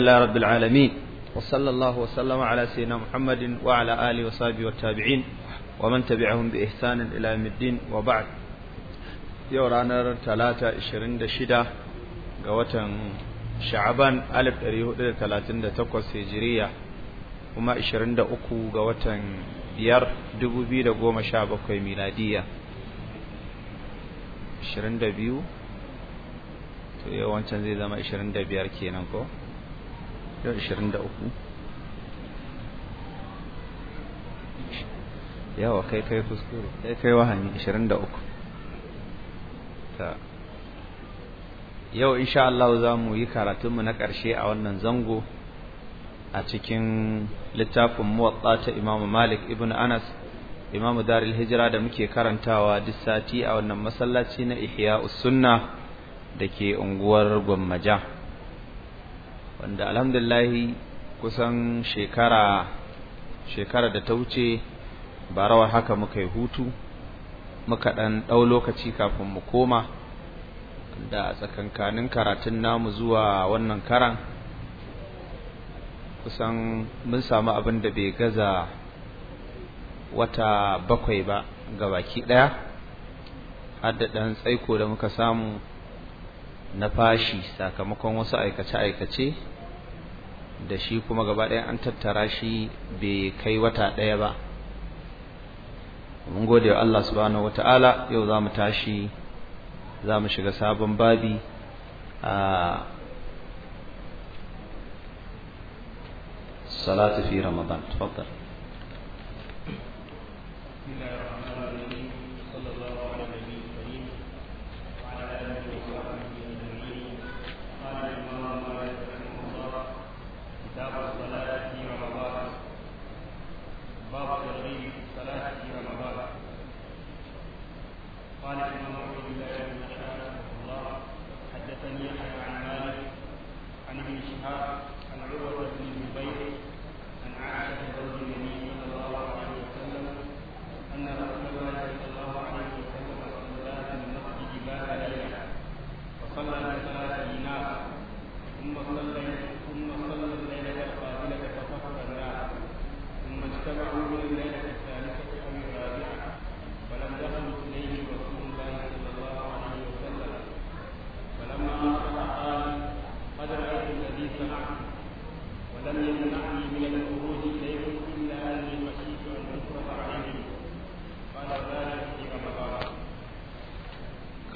الله رب العالمين وصلى الله وسلم على سيدنا محمد وعلى آله وصحبه والتابعين ومن تبعهم بإحسان إلى يوم الدين وبعد يورانا ثلاثة إشرين دشدة قوة شعبان ألف أريه ثلاثين دتقوس هجرية وما إشرين دأكو قوة بيار دبو بي دقوم شعبك ميلادية إشرين دبيو to yawancin zai zama 25 kenan ko yau 23 yawa kai kai kuskure kai kai wahani 23 yau insha Allah za mu yi karatunmu na ƙarshe a wannan zango a cikin littafin muwatta ta Imam Malik ibn Anas Imam daril Hijira da muke karantawa duk sati a wannan masallaci na usunna Sunna ke unguwar Gwammaja wanda alhamdulillahi kusan shekara shekara da ta wuce ba rawar haka muka yi hutu muka ɗan ɗau lokaci kafin mu koma da tsakankanin karatun namu zuwa wannan karan kusan mun samu abin da bai gaza wata bakwai ba ga baki ɗaya har da ɗan tsaiko da muka samu na fashi sakamakon wasu aikace-aikace da shi kuma gaba ɗaya an tattara shi bai kai wata ɗaya ba mun gode wa Allah subhanahu wata'ala yau za mu tashi za mu shiga sabon babi a salatu fi ramadan tafadar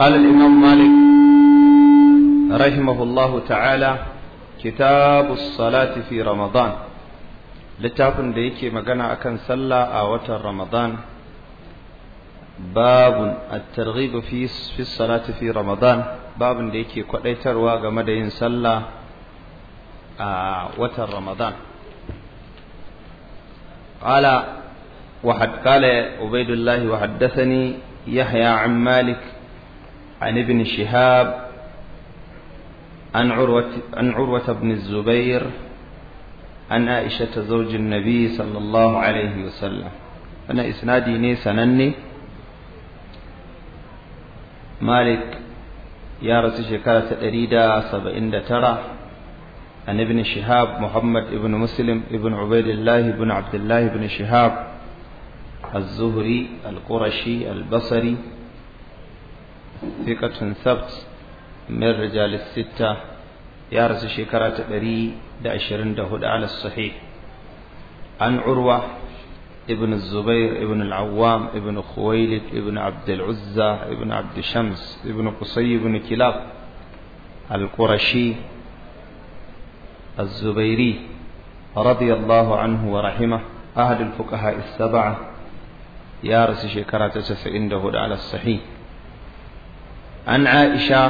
قال الإمام مالك رحمه الله تعالى كتاب الصلاة في رمضان littafin da yake magana akan salla a watan Ramadan babun at-targhib fi fi Ramadan babun da yake kwadaitarwa game da yin sallah a watan Ramadan qala wa wa haddathani yahya an malik عن ابن شهاب عن عروة, عن عروة بن الزبير عن عائشة زوج النبي صلى الله عليه وسلم أنا إسنادي نيسا نني مالك يا رسول شكالة أريدا سبعين ترى عن ابن شهاب محمد ابن مسلم ابن عبيد الله بن عبد الله بن شهاب الزهري القرشي البصري thiqatun sabt min rijal ya rasu shekara ta an urwa ibn zubair ibn uzza ibn ibn qusay ibn kilab الزبيري رضي الله عنه ورحمه أحد الفقهاء السبعة يارس شكرة تسعين دهود على الصحيح an aisha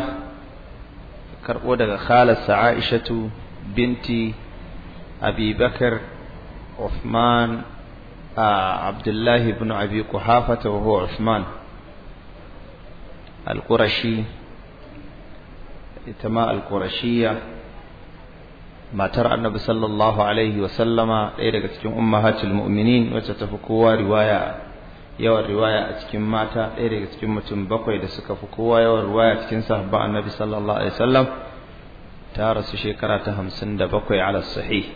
karɓo daga khalarsa aishatu binti abi bakar uthman abdullahi ibn abi kuhafata wa huwa uthman al-qurashi ita ma al-qurashiyya matar annabi sallallahu alaihi wa sallama ɗaya daga cikin umma ummahatul mu'minin wacce ta fi kowa riwaya yawan riwaya a cikin mata ɗaya daga cikin mutum bakwai da suka fi kowa yawan riwaya cikin sahaba annabi sallallahu alaihi wasallam ta rasu shekara ta hamsin da bakwai ala sahih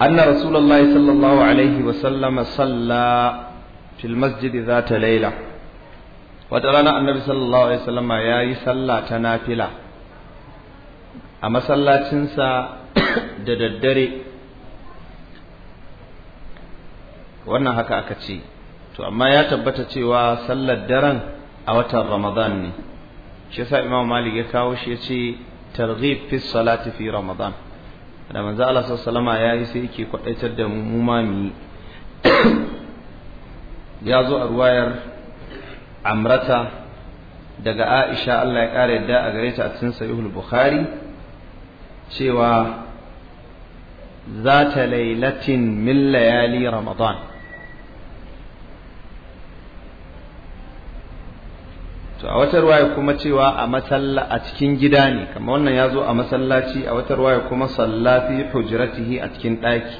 anna rasulullahi sallallahu alaihi wasallam salla fil masjid zata layla. wata rana annabi sallallahu alaihi wasallam ya yi sallah ta nafila a masallacinsa da daddare wannan haka aka ce to amma ya tabbata cewa sallar daren a watan ramadan ne shi yasa imam malik ya kawo shi ya ce targhib fi salati fi ramadan da manzo Allah sallallahu ya yi sai yake kwadaitar da mu ma mu ya zo a ruwayar amrata daga Aisha Allah ya kare yadda a gare ta a cikin sahihul bukhari cewa zata lailatin min layali ramadan to a wata ruwaya kuma cewa a masalla a cikin gida ne kamar wannan ya zo a masallaci a wata ruwaya kuma sallafi fi hujratihi a cikin ɗaki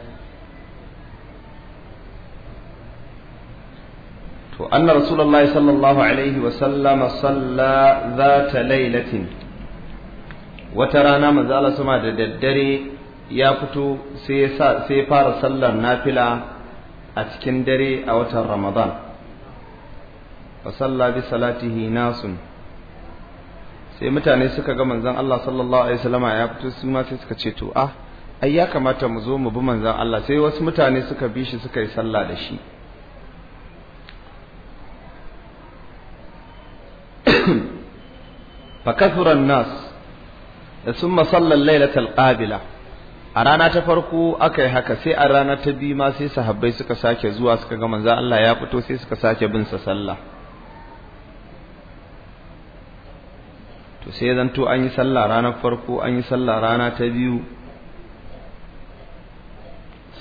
to anna rasulullahi sallallahu alaihi wa sallama za ta lailatin wata rana manzo Allah sama da daddare ya fito sai ya fara sallar nafila a cikin dare a watan Ramadan fasalla bi salatihi nasun sai mutane suka ga manzon Allah sallallahu alaihi wasallama ya fito su ma sai suka ce to ah ai ya kamata mu zo mu bi manzon Allah sai wasu mutane suka bi shi suka yi sallah da shi da sun ثم صلى lailatul qabila a rana ta farko aka yi haka sai a rana ta biyu ma sai sahabbai suka sake zuwa suka ga manzo Allah ya fito sai suka sake bin sa sallah to sai zanto an yi sallah ranar farko an yi sallah rana ta biyu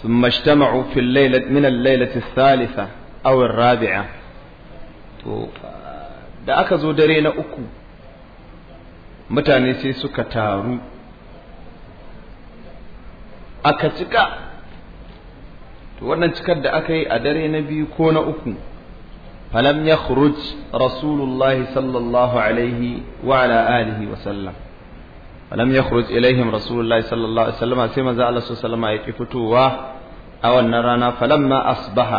Sun اجتمعوا في الليلة من الليلة الثالثة to da aka zo dare na uku mutane sai suka taru aka cika to wannan cikar da aka yi a dare na biyu ko na uku فلم يخرج رسول الله صلى الله عليه وعلى آله وسلم فلم يخرج إليهم رسول الله صلى الله عليه وسلم سيما زال الله صلى الله عليه وسلم آية أو نرانا فلما أصبح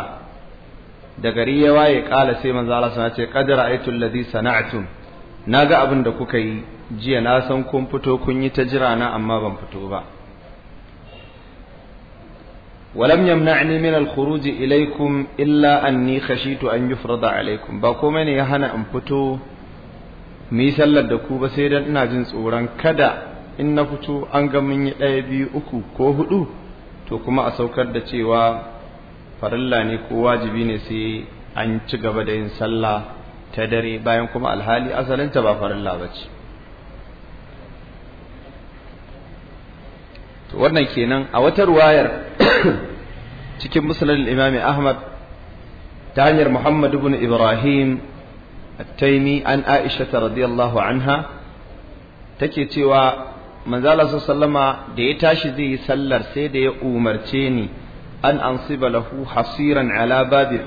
دقرية واي قال سيما زال الله صلى قد رأيت الذي صنعتم ناقا أبن دكوكي جي ناسا كن فتو كن يتجرانا أما بان فتو ولم يمنعني من الخروج إليكم إلا أني خشيت Ba يفرض ne ya hana in fito muyi sallar da ku ba sai dan ina jin tsoron kada in na fito an ga mun yi ɗaya biyu uku ko hudu to kuma a saukar da cewa farilla ne ko wajibi ne sai an ci gaba da yin sallah ta dare bayan kuma alhali asalinta ba farilla ba ce wannan kenan a wata ruwayar cikin musulun imami ahmad ta hanyar muhammad ibn ibrahim a taimi an aisha radiyallahu anha take cewa manzala sallama da ya tashi zai yi sallar sai da ya umarce ni an ansiba lahu hasiran ala babi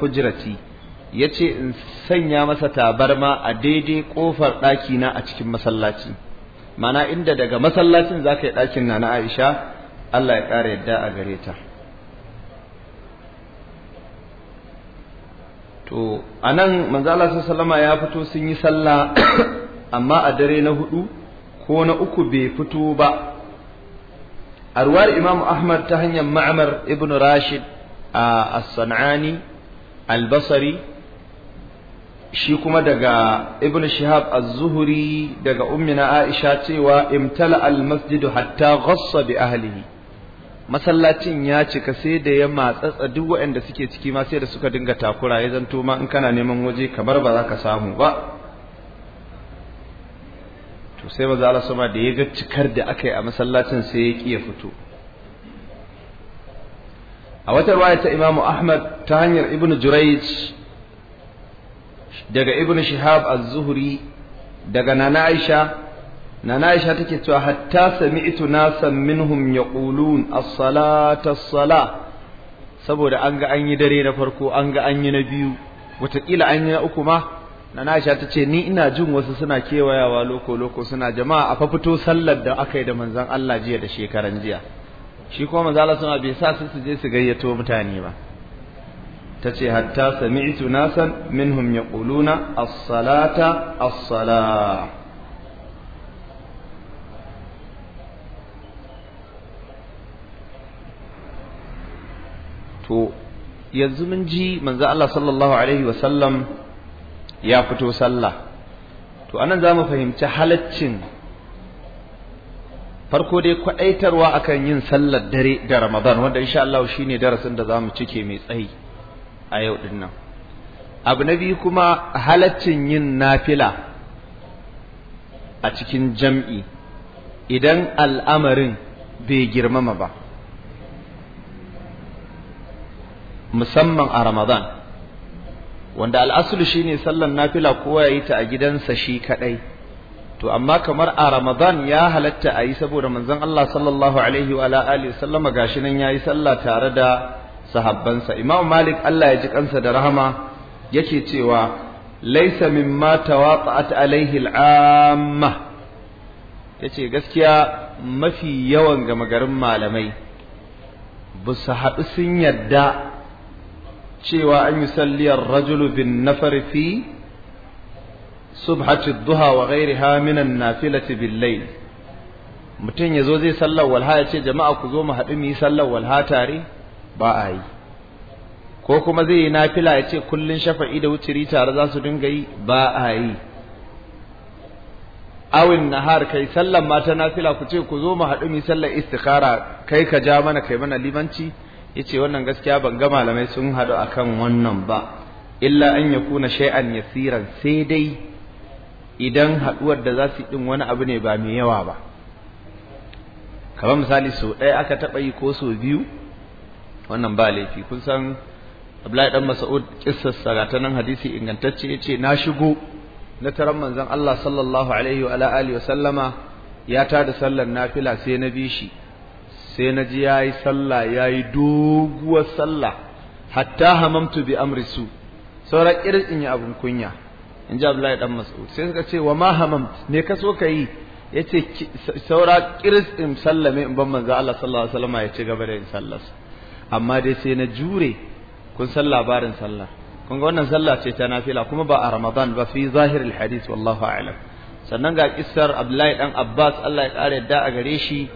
Ya ce in sanya masa tabarma a daidai kofar ɗakina a cikin masallaci mana inda daga masallacin za ka yi ɗakin na na aisha Allah ya ƙara yadda a gare ta to nan, manzo Allah sallama ya fito sun yi sallah amma a dare na hudu ko na uku bai fito ba a ruwar Imam Ahmad ta hanyar Ma'mar ibn Rashid a As-San'ani al basari shi kuma daga Ibn Shihab Az-Zuhri daga ummina Aisha cewa imtala al-masjidu hatta ghassa bi ahlihi masallacin ya cika sai da ya matsatsa duk waɗanda suke ciki ma sai da suka dinga takura ya zanto ma in kana neman waje kamar ba za ka samu ba to sai za a sama da ya ga cikar da aka yi a masallacin sai ya ƙi ya fito a wata ruwa ta imamu Ahmad ta hanyar Ibn Jurayj daga Ibn Shihab az-Zuhri daga Nana Aisha nana aisha take cewa hatta sami'tu nasan minhum yaqulun as-salata as-sala saboda an ga an yi dare na farko an ga an yi na biyu wataƙila an yi na uku ma nana aisha ta ce ni ina jin wasu suna kewayawa loko loko suna jama'a a fafito sallar da aka yi da manzon Allah jiya da shekaran jiya shi kuma manzon Allah suna bai sa su su je su gayyato mutane ba tace hatta sami'tu nasan minhum yaquluna as-salata as sala to yanzu mun ji manzo Allah sallallahu alaihi wasallam ya fito sallah to anan za mu fahimci halaccin farko dai kwaɗaitarwa akan yin sallar dare da Ramadan wanda insha Allah shine darasin da za mu cike mai tsayi a yau din nan abu na biyu kuma halaccin yin nafila a cikin jam'i idan al'amarin bai girmama ba musamman a Ramadan wanda al'asulu shine sallan nafila kowa yayi ta a gidansa shi kaɗai, to amma kamar a Ramadan ya halatta a yi saboda manzon Allah sallallahu alaihi wa alihi sallama gashi nan yayi sallah tare da sahabbansa Imam Malik Allah ya ji kansa da rahama yake cewa laysa mimma tawaqa'at alaihi al'amma yace gaskiya mafi yawan gama garin malamai ba su haɗu sun yarda cewa an yi salliyar rajulu bin nafar fi subhati duha wa ghairiha haminan na bil billai mutum yazo zai sallar walha ya ce jama'a ku zo mu haɗu mu yi sallar walha tare ba a yi ko kuma zai yi nafila ya ce kullun shafa'i da wuciri tare za su dinga yi ba a yi awin nahar kai sallar mata ta nafila ku ce ku zo mu haɗu mu yi sallar istikhara kai ka ja mana kai mana limanci yace wannan gaskiya ban ga malamai sun haɗu akan wannan ba illa an kuna shay'an yasiran sai dai idan haɗuwar da za su ɗin wani abu ne ba mai yawa ba kamar misali sau ɗaya aka taɓa yi ko sau biyu wannan ba laifi kun san Abdullahi dan Mas'ud kissar ta nan hadisi ingantacce yace na shigo na taron manzon Allah sallallahu alaihi wa alihi wa sallama ya tada sallar nafila sai na bi shi sai na ji ya yi sallah ya yi doguwar sallah hatta hamamtu bi amri su saura irin in yi abin kunya in ji Abdullahi dan Mas'ud sai suka ce wa ma hamamtu me ka so ka yace saura ƙirin in sallame in ban manzo Allah sallallahu alaihi wasallam ya ci gaba da yin sallar. amma dai sai na jure kun san labarin sallah kun ga wannan sallah ce ta nafila kuma ba a Ramadan ba fi zahiril hadith wallahu a'lam sannan ga kissar Abdullahi dan Abbas Allah ya kare da a gare shi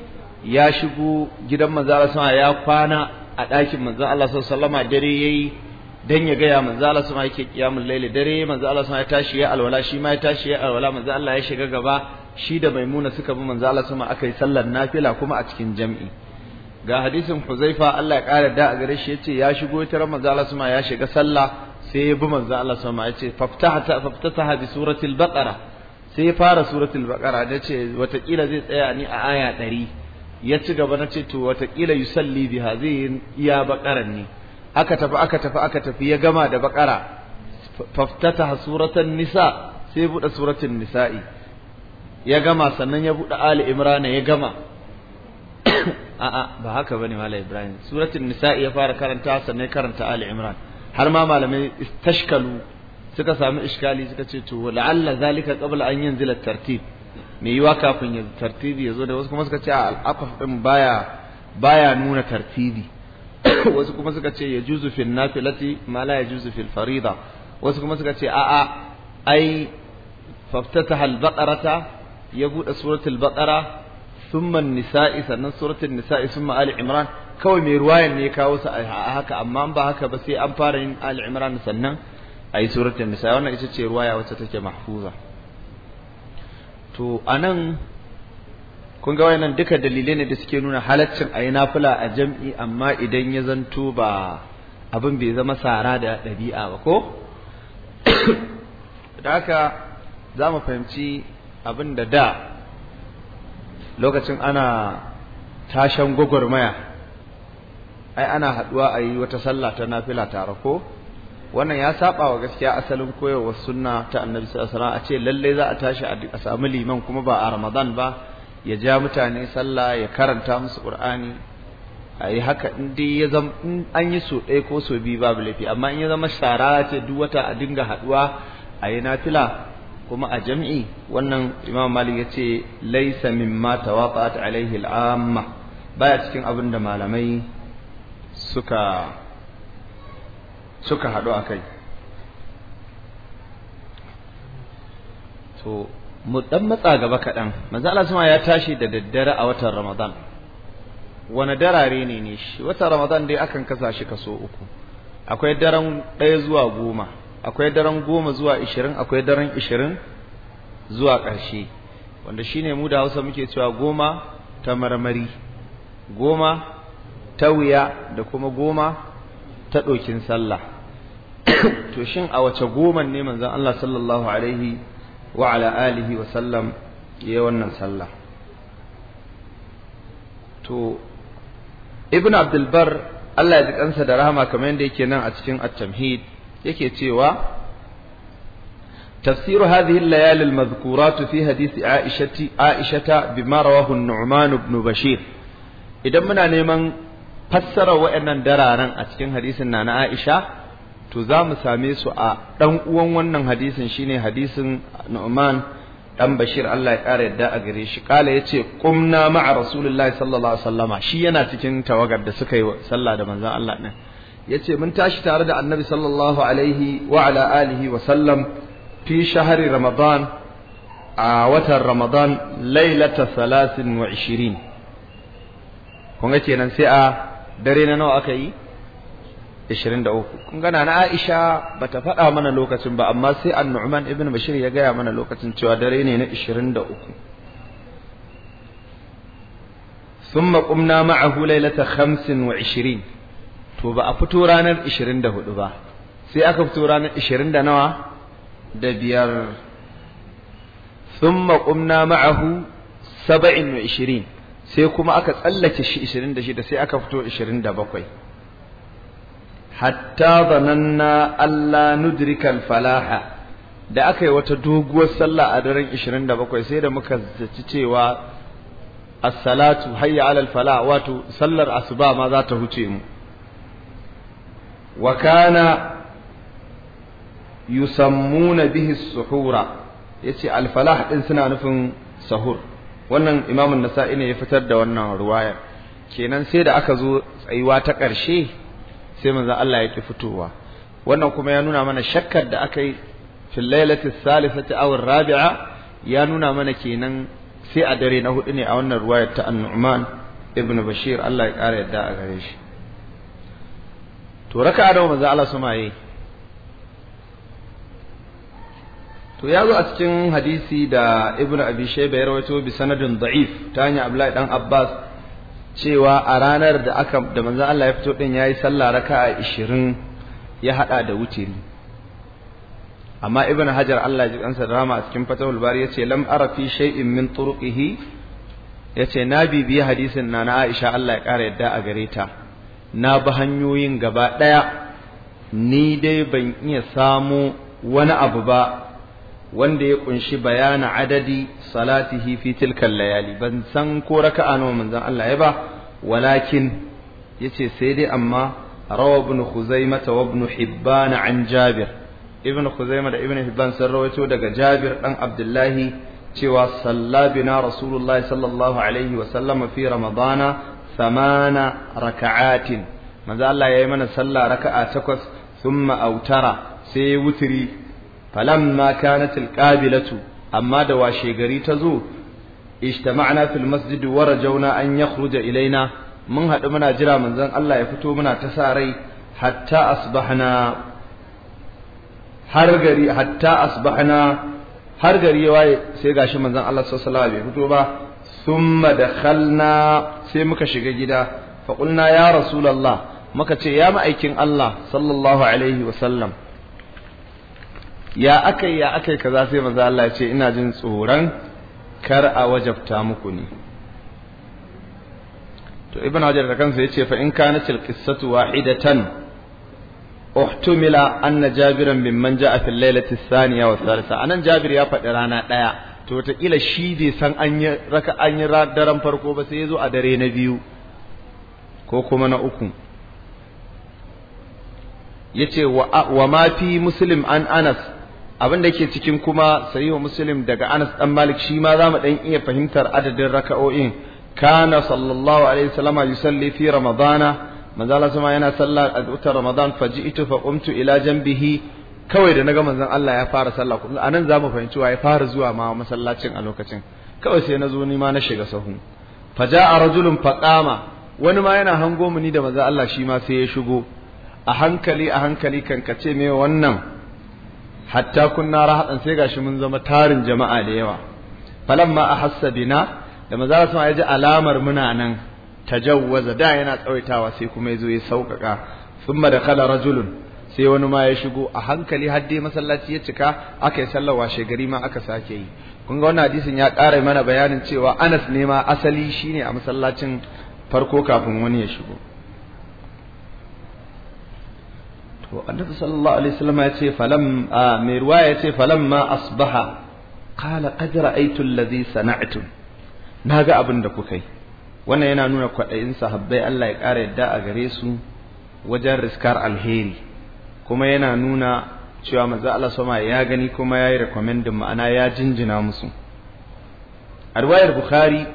ya shigo gidan manzo Allah sama ya kwana a ɗakin manzo Allah sallama dare yayi dan ya gaya manzo Allah sama yake kiyamul laili dare manzo Allah sama ya tashi ya alwala shi ma ya tashi ya alwala manzo Allah ya shiga gaba shi da maimuna suka bi manzo Allah sama aka sallar nafila kuma a cikin jam'i ga hadisin Huzaifa Allah ya ƙara da a gare shi yace ya shigo tare manzo Allah sama ya shiga sallah sai ya bi manzo Allah sama yace faftahata faftataha bi suratul baqara sai ya fara suratul baqara dace watakila zai tsaya ni a aya 100 ya ci gaba na ce to watakila yusalli bi zai iya bakaran ne aka tafi aka tafi aka tafi ya gama da bakara faftata suratan nisa sai buɗe suratun nisa'i ya gama sannan ya buɗe ali imran ya gama a'a ba haka bane malam ibrahim suratul nisa'i ya fara karanta sannan karanta ali imran har ma malamai tashkalu suka samu iskali suka ce to la'alla zalika qabla an yanzila tartib mai yiwa kafin ya tartibi ya zo da wasu kuma suka ce al'akaf ɗin baya baya nuna tartibi wasu kuma suka ce ya juzu fil nafilati ma la ya juzu fil farida wasu kuma suka ce a'a ai faftataha al-baqarata ya buɗe suratul baqara thumma an-nisa'i sannan suratul nisa'i thumma ali imran kawai mai ruwayan ne ya kawo su a haka amma ba haka ba sai an fara yin ali imran sannan ai suratul nisa'i wannan ita ce ruwaya wacce take mahfuza to anan kun ga wayannan duka dalilai ne da suke nuna halaccin a yi nafula a jam'i amma idan ya zanto ba abin bai zama sara da ɗabi'a ba ko da haka za mu fahimci abin da da lokacin ana tashan gwagwarmaya ai ana haɗuwa a yi wata sallah ta nafila tare ko wannan ya saba wa gaskiya asalin koyarwar sunna ta annabi sallallahu alaihi wasallam a ce lalle za a tashi a samu liman kuma ba a ramadan ba ya ja mutane sallah ya karanta musu qur'ani ai haka in dai ya zama in an yi so ɗaya ko so biyu babu laifi amma in ya zama shara ce duk wata a dinga haɗuwa ayi yi nafila kuma a jam'i wannan imam malik ya ce laisa mimma tawaqat alaihi al'amma baya cikin abin da malamai suka suka haɗu a kai to mu ɗan matsa gaba kaɗan Maza Allah suma ya tashi da daddare a watan Ramadan wani darare ne ne shi watan Ramadan dai akan kasa shi kaso uku akwai daren ɗaya zuwa goma akwai daren goma zuwa ishirin akwai daren ishirin zuwa ƙarshe wanda shine mu da Hausa muke cewa goma ta marmari goma ta wuya da kuma goma ta ɗokin sallah to shin a wace goman ne manzon Allah sallallahu alaihi wa ala alihi wa sallam yayi wannan sallah to ibn abdul bar Allah ya ji kansa da rahama kamar yadda yake nan a cikin at-tamhid yake cewa تفسير هذه الليالي المذكورات في حديث عائشة عائشة بما رواه النعمان بن بشير إذا منا نيمان fassara wa'annan dararen a cikin hadisin na na Aisha to za mu same su a ɗan uwan wannan hadisin shine hadisin Nu'man ɗan Bashir Allah ya ƙara yadda a gare shi kala yace qumna ma'a Rasulullahi sallallahu alaihi wasallama shi yana cikin tawagar da suka yi sallah da manzon Allah din yace mun tashi tare da Annabi sallallahu alaihi wa ala alihi wa sallam fi shahri Ramadan a watan Ramadan lailata 23 kun ga kenan sai a dare na nawa aka yi 23 kun gana na Aisha bata faɗa mana lokacin ba amma sai An-Nu'man ibn Bashir ya gaya mana lokacin cewa dare ne na 23 maƙumna قمنا معه ليلة wa ishirin, to ba a fito ranar 24 ba sai aka fito ranar 20 da nawa da biyar thumma qumna ma'ahu 27 sai kuma aka tsallake shi 26 sai aka fito 27 hatta zananna alla nudrika falaha da aka yi wata doguwar sallah a daren 27 sai da muka zaci cewa as-salatu hayya alal falah wato sallar asuba ma za ta huce mu wa kana yusammuna bihi as-suhura yace al-falah din suna nufin sahur wannan imamun nasa'i ne ya fitar da wannan ruwayar kenan sai da aka zo tsayuwa ta ƙarshe sai manzo Allah ya ki fitowa wannan kuma ya nuna mana shakkar da aka yi fil lailati salisati aw rabi'a ya nuna mana kenan sai a dare na hudu ne a wannan ruwayar ta annuman ibnu Bashir Allah ya ƙara yadda a gare shi to raka'a da manzo Allah suma yayi to ya zo a cikin hadisi da ibnu abi shayba ya rawaito bi sanadin da'if ta hanyar abdullahi dan abbas cewa a ranar da aka da manzo Allah ya fito din yayi sallah raka'a 20 ya hada da wutiri amma ibnu hajar Allah ya ji kansa rama a cikin fatawul bari yace lam ara fi shay'in min turuqihi yace na bibiyi hadisin na na Aisha Allah ya kara yadda a gare ta na bi hanyoyin gaba daya ni dai ban iya samu wani abu ba wanda ya kunshi bayana adadi salatihi fi tilkal layali ban san ko raka'a nawa manzon Allah ya ba walakin yace sai dai amma rawa ibn Khuzaimah wa ibn Hibban an Jabir ibn Khuzaimah da ibn Hibban sun rawaito daga Jabir dan Abdullahi cewa salla bina Rasulullahi sallallahu alaihi wa sallam fi Ramadana thamana raka'atin manzo Allah yayi mana sallah raka'a takwas thumma autara sai wutiri falamma kanat alqabilatu amma da washe gari ta zo ijtama'na fil masjid wa rajawna an yakhruja ilaina mun haɗu muna jira manzon Allah ya fito muna ta sa rai har gari hatta asbahna har gari ya waye sai gashi manzon Allah sallallahu alaihi wasallam fito ba thumma dakhalna sai muka shiga gida fa qulna ya rasulullah muka ce ya ma'aikin Allah sallallahu alaihi wasallam ya akai ya akai kaza sai maza Allah ya ce ina jin tsoron kar a wajabta muku ne to ibn hajar da kansa ce fa in kana til qissatu wahidatan uhtumila anna jabiran man ja'a fil lailati thaniya wa thalitha anan jabir ya faɗi rana ɗaya to watakila shi bai san an yi raka an yi daren farko ba sai ya a dare na biyu ko kuma na uku yace wa ma fi muslim an anas abin da ke cikin kuma wa muslim daga Anas dan Malik shi ma zamu dan iya fahimtar adadin raka'o'in kana sallallahu alaihi wasallama yusalli fi ramadana manzo Allah sama yana sallah a watan ramadan faji'tu fa qumtu ila janbihi kawai da naga manzon Allah ya fara sallah kuma anan zamu fahimci wa ya fara zuwa ma masallacin a lokacin kawai sai na zo ni ma na shiga sahu faja'a rajulun faqama wani ma yana hango mu ni da manzon Allah shi ma sai ya shigo a hankali a hankali kankace me wannan hatta kunna rahadan sai gashi mun zama tarin jama'a da yawa falamma ahassa bina da maza sun ji alamar muna nan ta tajawwaza da yana tsawaitawa sai kuma ya zo ya saukaka thumma kala rajulun sai wani ma ya shigo a hankali har masallaci ya cika aka yi sallar washe gari ma aka sake yi kun ga wannan hadisin ya ƙara mana bayanin cewa Anas ne ma asali shine a masallacin farko kafin wani ya shigo to annabi sallallahu alaihi wasallam ya ce falam mai ruwaya ya ce falam ma asbaha qala qad ra'aytu alladhi na ga abin da kuka yi wannan yana nuna kwaɗayin sahabbai Allah ya ƙara yadda a gare su wajen riskar alheri kuma yana nuna cewa maza Allah sama ya gani kuma ya yi rekomendin ma'ana ya jinjina musu a riwayar bukhari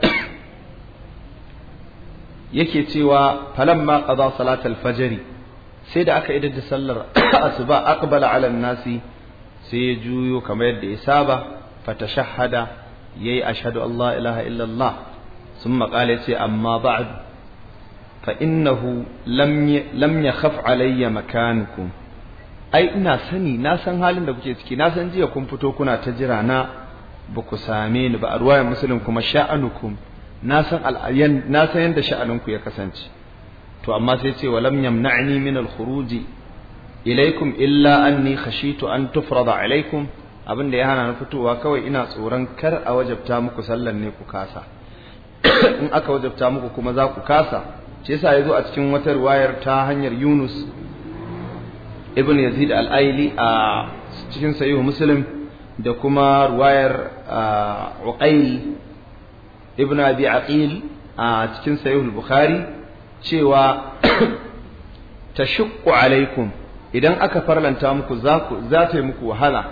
yake cewa falamma ƙaza salatul fajari sai da aka idar da sallar asuba aqbala ala nasi sai ya juyo kamar yadda ya saba fatashahhada yayi ashhadu an ilaha illa allah thumma qala sai amma ba'd fa innahu lam lam yakhaf alayya makanukum ai ina sani na san halin da kuke ciki na san jiya kun fito kuna ta jira na ba ku same ni ba a ruwayan musulun kuma sha'anukum na san na san yadda sha'anunku ya kasance to amma sai ce walam yamna'ni min al-khuruji ilaikum illa anni khashitu an tufrada alaikum abin da ya hana na fitowa kawai ina tsoron kar a wajabta muku sallan ne ku kasa in aka wajabta muku kuma za ku kasa shi yasa yazo a cikin wata riwayar ta hanyar Yunus ibn Yazid al-Aili a cikin sahih Muslim da kuma riwayar Uqail ibn Abi Aqil a cikin sahih Bukhari cewa ta tashukku alaikum idan aka farlanta muku za ta yi muku wahala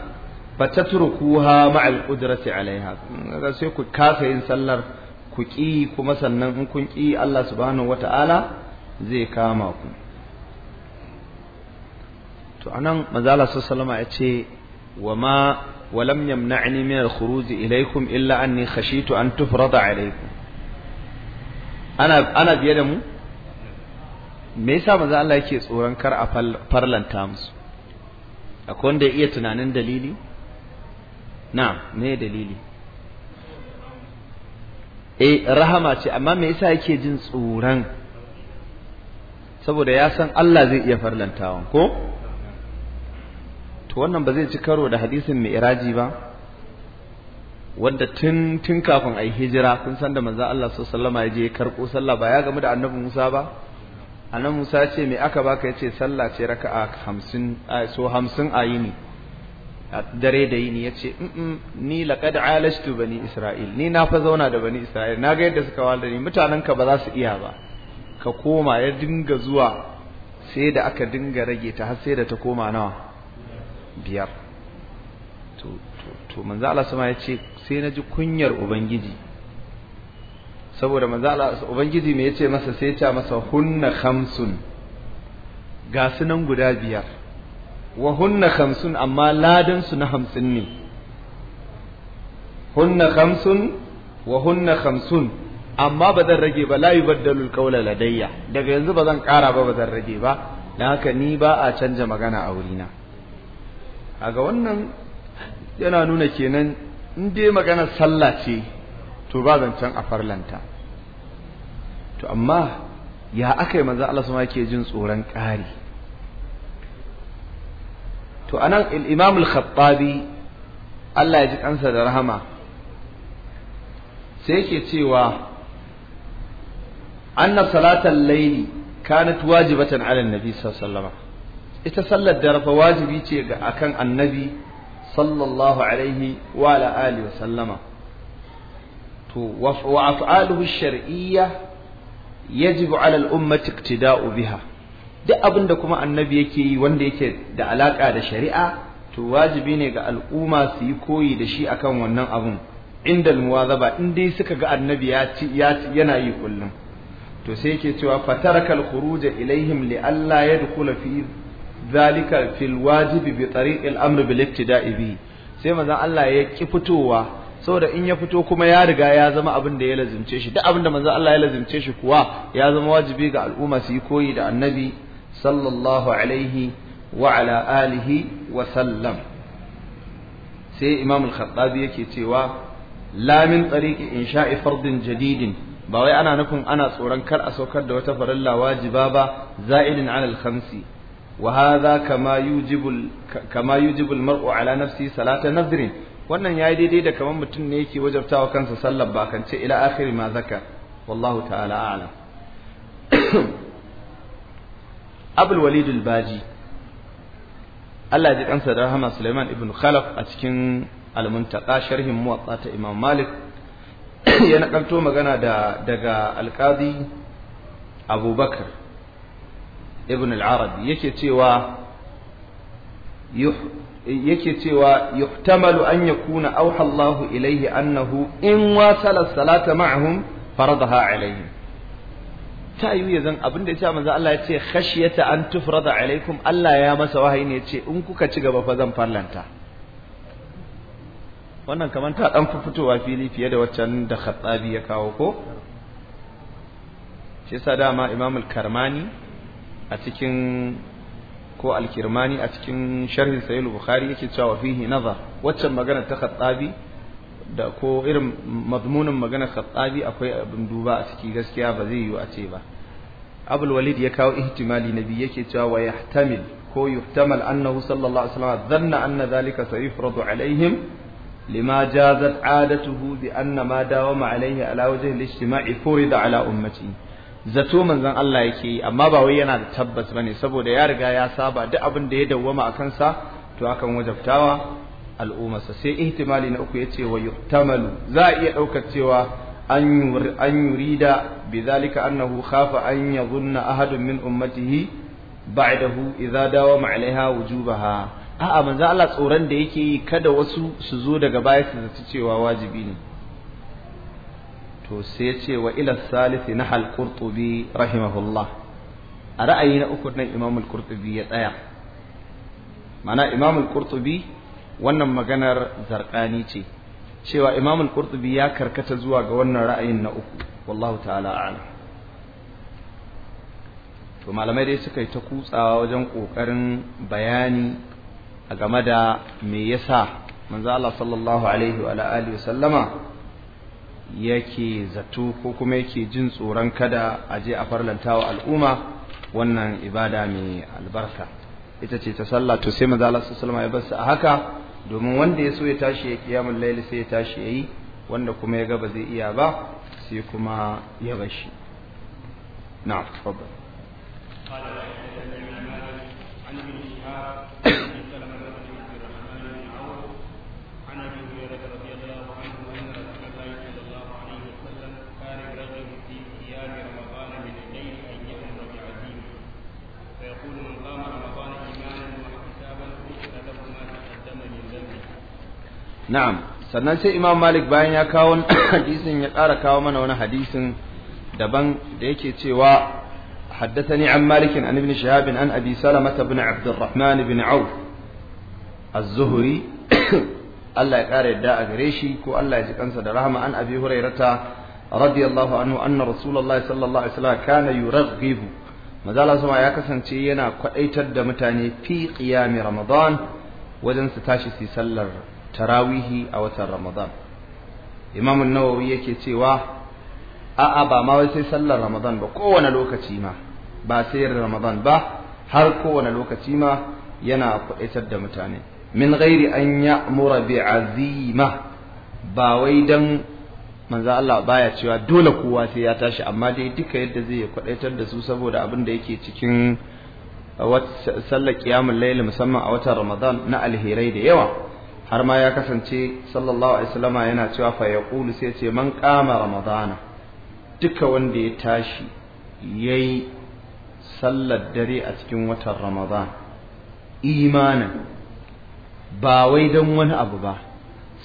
fatatrukuha ma'al qudrati alaiha sai ku kasa yin sallar ku ƙi kuma sannan in kun ki Allah subhanahu ta'ala zai kama ku to anan manzala sallama ya ce wa ma ولم يمنعني من الخروج إليكم إلا أني خشيت أن تفرض عليكم أنا أنا بيدمو me yasa maza Allah yake tsoron kar a farlanta musu akwai wanda ya iya tunanin dalili na me dalili e rahama ce amma me yasa yake jin tsoron saboda ya san Allah zai iya farlantawan ko to wannan ba zai ci karo da hadisin mai iraji ba wanda tun tun kafin ai hijira kun san da manzo Allah sallallahu alaihi wasallam ya je karko sallah ba ya gamu da annabi Musa ba anan Musa ya ce me aka baka yace sallah ce raka'a 50 so 50 a ne dare da yini yace mm ni laqad alastu bani isra'il ni na fa zauna da bani isra'il na ga yadda suka walda ni mutanen ka ba za su iya ba ka koma ya dinga zuwa sai da aka dinga rage ta har sai da ta koma nawa biyar to to manzo Allah sama yace sai na ji kunyar ubangiji saboda manzo Allah ubangiji me yace masa sai ya masa hunna khamsun ga sunan guda biyar wa hunna khamsun amma ladan su na hamsin ne hunna khamsun wa hunna khamsun amma ba zan rage ba la yubaddalu alqawla ladayya daga yanzu ba zan kara ba ba zan rage ba dan haka ni ba a canja magana a wurina kaga wannan yana nuna kenan in dai magana sallah ce to ba zan can a farlanta to amma ya aka yi manzan Allah sama yake jin tsoron ƙari to a nan, al-khattabi Allah ya ji kansa da rahama sai yake cewa anna salatan layli kanat wajibatan ala annabi sallallahu alaihi wasallam ita sallar dare fa wajibi ce ga akan annabi sallallahu alaihi wa ala alihi wa sallama to wa af'aluhu shar'iyyah yajibu ala al-ummati biha duk abin da kuma annabi yake yi wanda yake da alaka da shari'a to wajibi ne ga al'umma su yi koyi da shi akan wannan abun inda muwazaba in dai suka ga annabi ya ci yana yi kullum to sai yake cewa fatarakal al ilaihim li alla yadkhula fi dhalika fil wajibi bi tariq al-amr bil ibtida'i bi sai manzon Allah ya ki fitowa saboda in ya fito kuma ya riga ya zama abin da ya lazimce shi duk abin da manzo Allah ya lazimce shi kuwa ya zama wajibi ga al'umma su yi koyi da annabi sallallahu alaihi wa ala alihi wa sallam sai imam al-khattabi yake cewa la min tariqi insha'i fardin jadidin ba wai ana nufin ana tsoron kar a saukar da wata farilla wajiba ba za'idin ala al-khamsi وهذا كما يوجب كما يوجب المرء على نفسه صلاة نذر wannan yi daidai da kamar mutum ne yake wa kansa sallar bakance ila akhiri ma zaka wallahu ta'ala a'lam abul baji Allah ji kansa da rahama Sulaiman ibn Khalaf a cikin al-Muntaqa sharhin Muwatta ta Imam Malik ya nakalto magana da daga al-Qadi Abubakar ibn al-Arabi yake cewa yake cewa yuhtamalu an yakuna auha Allah ilaihi annahu in wasala salata ma'ahum faradaha alaihim ta yi ya zan abin da ya ce manzo Allah ya ce khashyata an tufrada alaikum Allah ya masa wahayi ne ya ce in kuka ci gaba fa zan farlanta wannan kamar ta dan fitowa fili fiye da waccan da Khattabi ya kawo ko shi sa dama imamul karmani a cikin ko alkirmani a cikin sharhin sahih bukhari yake cewa fihi nazar waccan magana ta khattabi da ko irin mazmunin magana khattabi akwai abin duba a ciki gaskiya ba zai yiwu a ce ba abul walid ya kawo ihtimali nabi yake cewa wa yahtamil ko yuhtamal annahu sallallahu alaihi wasallam dhanna anna dhalika sayufradu alaihim لما جازت huzi بأن dawama alaihi ala على وجه الاجتماع فرض ala أمتي zato manzon Allah yake yi amma ba wai yana da tabbas bane saboda ya riga ya saba duk abin da ya dawwama a kansa to akan wajabtawa al'ummarsa sai ihtimali na uku yace wa yuhtamalu za a iya daukar cewa an an yurida zalika annahu khafa an yadhunna ahadun min ummatihi ba'dahu idza dawama 'alayha wujubaha a'a manzon Allah tsoron da yake yi kada wasu su zo daga baya su zata cewa wajibi ne to sai ya ce wa ila salisi na al-qurtubi rahimahullah a ra'ayi na uku nan imam kurtubi ya tsaya mana imam kurtubi wannan maganar zarqani ce cewa imamul kurtubi ya karkata zuwa ga wannan ra'ayin na uku wallahu ta'ala a'lam to malamai dai suka yi ta kutsawa wajen kokarin bayani a game da me yasa manzo Allah sallallahu alaihi wa alihi wa sallama yake zato ko kuma yake jin tsoron kada a je a farlanta wa al'umma wannan ibada mai albarka ita ce ta sallah to sai maza Allah sallallahu alaihi wasallam ya a haka domin wanda ya so ya tashi ya kiyamul layl sai ya tashi yayi wanda kuma ya ga ba zai iya ba sai kuma ya bashi na'am tafaddal na'am sannan sai imam malik bayan ya kawo hadisin ya ƙara kawo mana wani hadisin daban da yake cewa haddathani an malik an ibn shihab an abi salama ibn abd arrahman ibn auf az-zuhri a gare shi ko Allah ya kansa da rahama hurairata radiyallahu anna rasulullahi sallallahu alaihi wasallam ya kasance yana kwadaitar da mutane fi ramadan wajen su tashi su sallar tarawihi a watan ramadan imam nawawi yake cewa a'a ba ma sai sallar ramadan ba kowane lokaci ma ba sai ramadan ba har kowane lokaci ma yana kuɗaitar da mutane min ghairi an ya'mura bi azima ba wai dan manzo Allah baya cewa dole kowa sai ya tashi amma dai duka yadda zai kudaitar da su saboda abin da yake cikin sallar qiyamul layl musamman a watan Ramadan na alherai da yawa har ma ya kasance sallallahu alaihi wasallam yana cewa fa yaqulu sai ce man qama ramadana duka wanda ya tashi yayi sallar dare a cikin watan ramadan imanin ba wai dan wani abu ba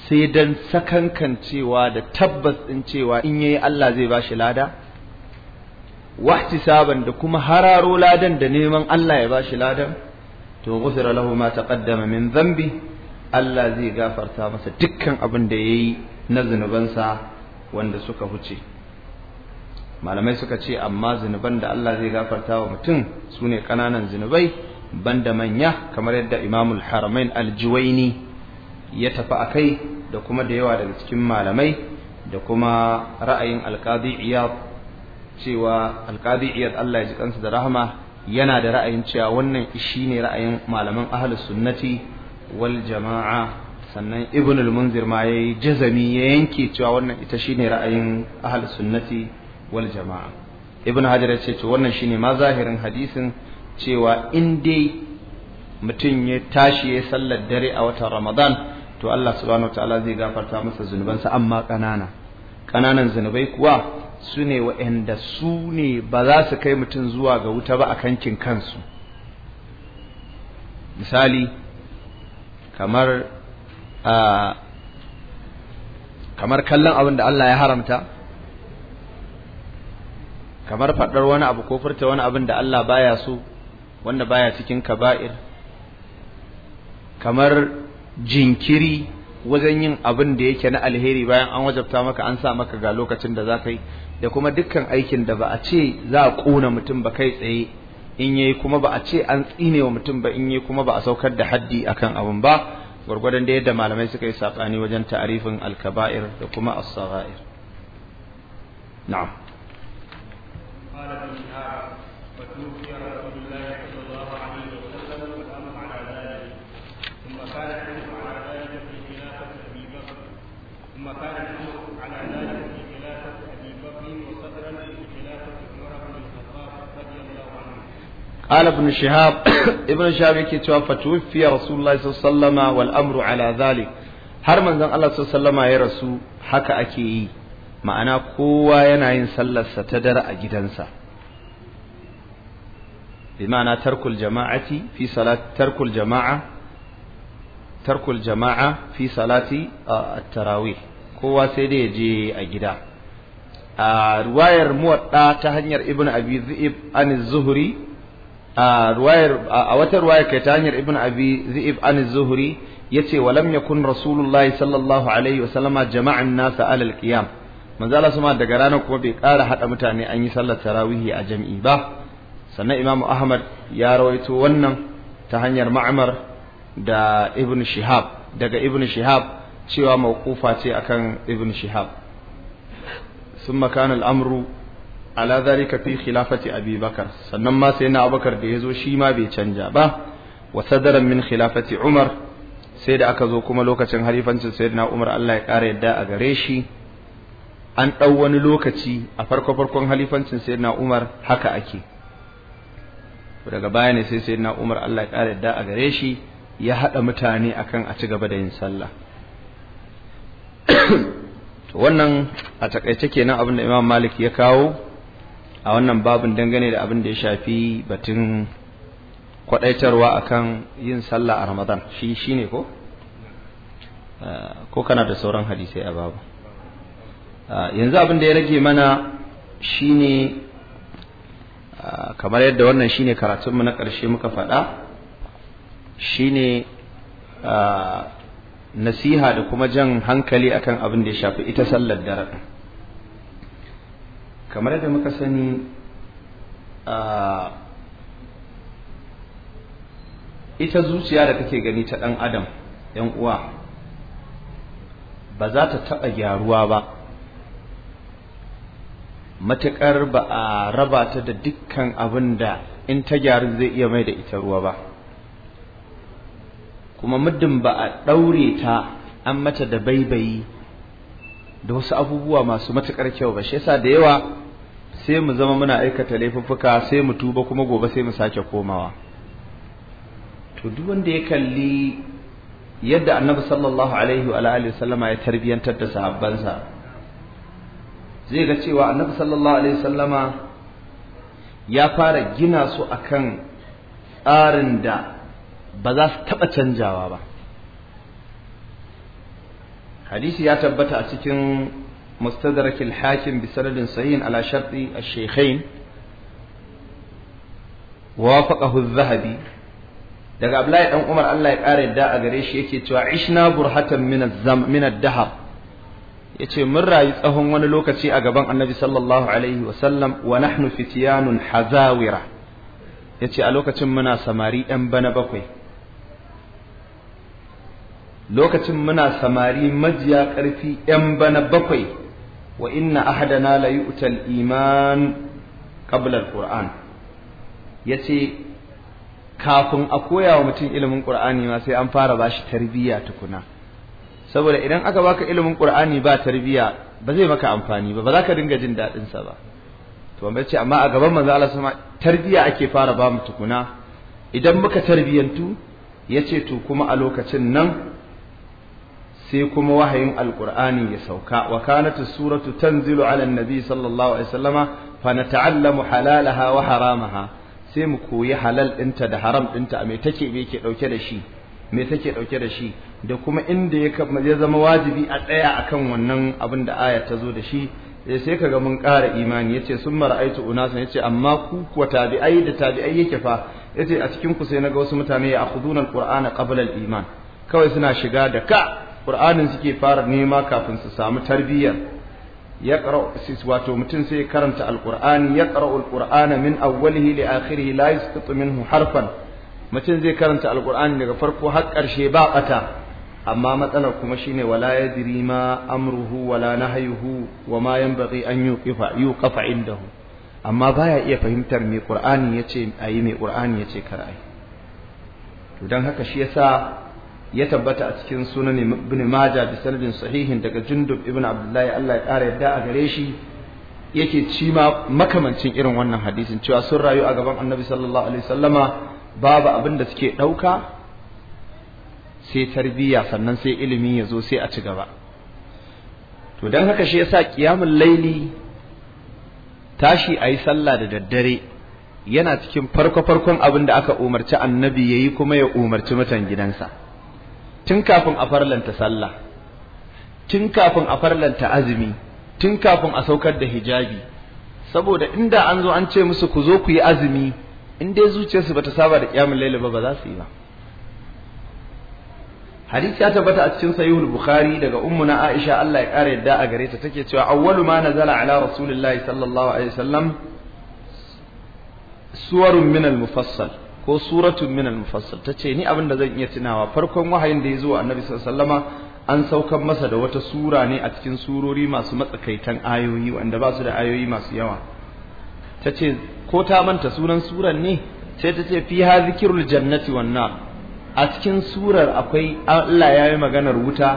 sai dan sakankan cewa da tabbas ɗin cewa in yayi Allah zai bashi lada wahtisaban da kuma hararo ladan da neman Allah ya bashi ladan to ghufira lahu ma taqaddama min dhanbi Allah zai gafarta masa dukkan abin da ya yi na zunubansa wanda suka huce malamai suka ce amma zunuban da Allah zai gafarta wa mutum su ne ƙananan zunubai da manya kamar yadda imamul haramain aljuwaini ya tafi a kai da kuma da yawa daga cikin malamai da kuma ra'ayin alƙadi iyad cewa alƙadi iyad Allah ya ji kansa da rahama yana da ra'ayin cewa wannan shi ne ra'ayin malaman ahlus sunnati wal jama'a sannan ibn al-munzir ma yayi jazami ya yanke cewa wannan ita shine ra'ayin ahlus sunnati wal jama'a ibn hajar ya ce to wannan shine ma zahirin hadisin cewa in dai mutum ya tashi ya sallar dare a watan ramadan to Allah subhanahu wataala zai gafarta masa zunubansa amma kanana kananan zunubai kuwa su ne wa'anda su ne ba za su kai mutum zuwa ga wuta ba a kankin kansu misali kamar kamar kallon abin da Allah ya haramta kamar faɗar wani abu ko furta wani abin da Allah baya so wanda baya cikin kaba'ir kamar jinkiri wajen yin abin da yake na alheri bayan an wajabta maka an sa maka ga lokacin da za ka yi da kuma dukkan aikin da ba a ce za a ƙona mutum ba kai tsaye in yayi kuma ba a ce an tsine wa mutum ba in yayi kuma ba a saukar da haddi akan abun ba gurgurdan da yadda malamai suka yi saɓani wajen ta'arifin kabair da kuma as-sagha'ir na'am رضي الله عنه قال ابن شهاب ابن شهاب yake cewa fatuwfiya rasulullahi sallallahu wal amru ala zalik har manzon Allah sallallahu ya rasu haka ake yi ma'ana kowa yana yin sallarsa ta dare a gidansa bi ma'ana tarkul jama'ati fi salat tarkul jama'a tarkul jama'a fi salati at-tarawih kowa sai dai je a gida a ruwayar muwadda ta hanyar Ibn abi dhi'ib a wata ruwaya kai ta hanyar ibn abi zi'ib an ce yace walam yakun rasulullahi sallallahu alaihi wa sallama jama'an nasa alal qiyam manzo Allah sama daga ranar kuma bai kara hada mutane an yi sallar tarawihi a jam'i ba sannan imamu ahmad ya rawaito wannan ta hanyar ma'mar da ibn shihab daga ibn shihab cewa mawqufa ce akan ibn shihab ثم كان الأمر ala zalika fi khilafati abi bakar sannan ma sai na abubakar da yazo shi ma bai canja ba wa sadaran min khilafati umar sai da aka zo kuma lokacin halifancin sayyidina umar Allah ya kara yadda a gare shi an ɗau wani lokaci a farko farkon halifancin sayyidina umar haka ake daga baya ne sai sayyidina umar Allah ya kara yadda a gare shi ya haɗa mutane akan a ci gaba da yin sallah to wannan a takaice kenan abin da Imam Malik ya kawo a wannan babin dangane da abin da ya shafi batun kwadaitarwa akan yin sallah a Ramadan shi shine ko ah, ko kana da sauran hadisai a babu ah, yanzu abin da ya rage mana shine ah, kamar yadda wannan shine karatunmu na ƙarshe muka faɗa shine nasiha da kuma jan hankali akan abin da ya shafi ita sallar daren kamar da muka sani a ita zuciya da kake gani ta ɗan adam ‘yan uwa ba za ta taɓa gyaruwa ba matuƙar ba a raba ta da dukkan abin da in ta gyaru zai iya mai da ita ruwa ba kuma muddin ba a ɗaure ta an mata da baibayi da wasu abubuwa masu matuƙar kyau ba shi yasa da yawa sai mu zama muna aikata laifuffuka sai mu tuba kuma gobe sai mu sake komawa to duk wanda ya kalli yadda annabi sallallahu alaihi wa alihi sallama ya tarbiyantar da sahabbansa zai ga cewa annabi sallallahu alaihi sallama ya fara gina su akan tsarin da ba za su taɓa canjawa ba hadisi ya tabbata a cikin مستدرك الحاكم بسند صحيح على a الشيخين وافقه الذهبي daga Abdullahi dan Umar Allah ya kare da a gare shi yake cewa ishna burhatan min az-zam min mun rayu tsahon wani lokaci a gaban Annabi sallallahu wa sallam nahnu fitiyanun hazawira yace a lokacin muna samari ɗan bana bakwai lokacin muna samari majiya ƙarfi ɗan bana bakwai wa inna ahadana la yu'tal iman qabla yace kafin a koya wa mutum ilimin qur'ani ma sai an fara bashi tarbiyya tukuna saboda idan aka baka ilimin qur'ani ba tarbiyya ba zai maka amfani ba ba za ka dinga jin dadin sa ba to amma yace amma a gaban manzo Allah sama tarbiyya ake fara ba mu tukuna idan muka tarbiyantu yace to kuma a lokacin nan sai kuma wahayin alkur'ani ya sauka wa kanat suratu tanzilu ala annabi sallallahu alaihi wasallama fa nata'allamu halalaha wa haramaha sai mu koyi halal dinta da haram dinta me take me yake dauke da shi me take dauke da shi da kuma inda ya zama wajibi a tsaya akan wannan abin da aya ta zo da shi eh, sai kaga mun ƙara imani yace sun mara'aitu unasan yace amma ku kuwa tabi'ai da tabi'ai yake fa yace a cikin ku sai naga wasu mutane ya akhuduna alqur'ana qabla aliman kawai suna shiga da ka qur'anin suke fara nema kafin su samu tarbiyyar yaqra wato mutum sai karanta alqur'ani yaqra alqur'ana min awwalihi li akhirih la yasqutu minhu harfan mutum zai karanta alkur'ani daga farko har karshe ba bata amma matsalar kuma shine wala yadri ma amruhu wala nahyuhu wama yanbaghi an yuqifa yuqafa indahu amma baya iya fahimtar me qur'ani yace ayi me qur'ani yace kar to dan haka shi yasa ya tabbata a cikin sunan ibn maja bi sanadin sahihin daga jundub ibn abdullahi Allah ya ƙara yadda a gare shi yake ci ma makamancin irin wannan hadisin cewa sun rayu a gaban annabi sallallahu alaihi wasallama babu abin da suke ɗauka sai tarbiyya sannan sai ilimi ya zo sai a ci gaba to don haka shi yasa kiyamun laili tashi a yi sallah da daddare yana cikin farko-farkon abin da aka umarci annabi ya yi kuma ya umarci mutan gidansa tun kafin a farlanta sallah tun kafin a farlanta azumi tun kafin a saukar da hijabi saboda inda an zo an ce musu ku zo ku yi azumi in dai zuciyarsu bata saba da kiyamul Laila ba ba za su yi ba hadisi ya tabbata a cikin sahihul bukhari daga ummu na aisha Allah ya kara yadda a gare ta take cewa awwalu ma nazala ala rasulillahi sallallahu alaihi wasallam suwarun min al-mufassal ko suratun min al-mufassal tace ni abin da zan iya tunawa farkon wahayin da ya zo annabi sallallahu alaihi wasallama an saukar masa da wata sura ne a cikin surori masu matsakaitan ayoyi wanda ba su da ayoyi masu yawa tace ko ta manta sunan suran ne sai tace fi ha zikrul jannati wan nar a cikin surar akwai Allah ya yi maganar wuta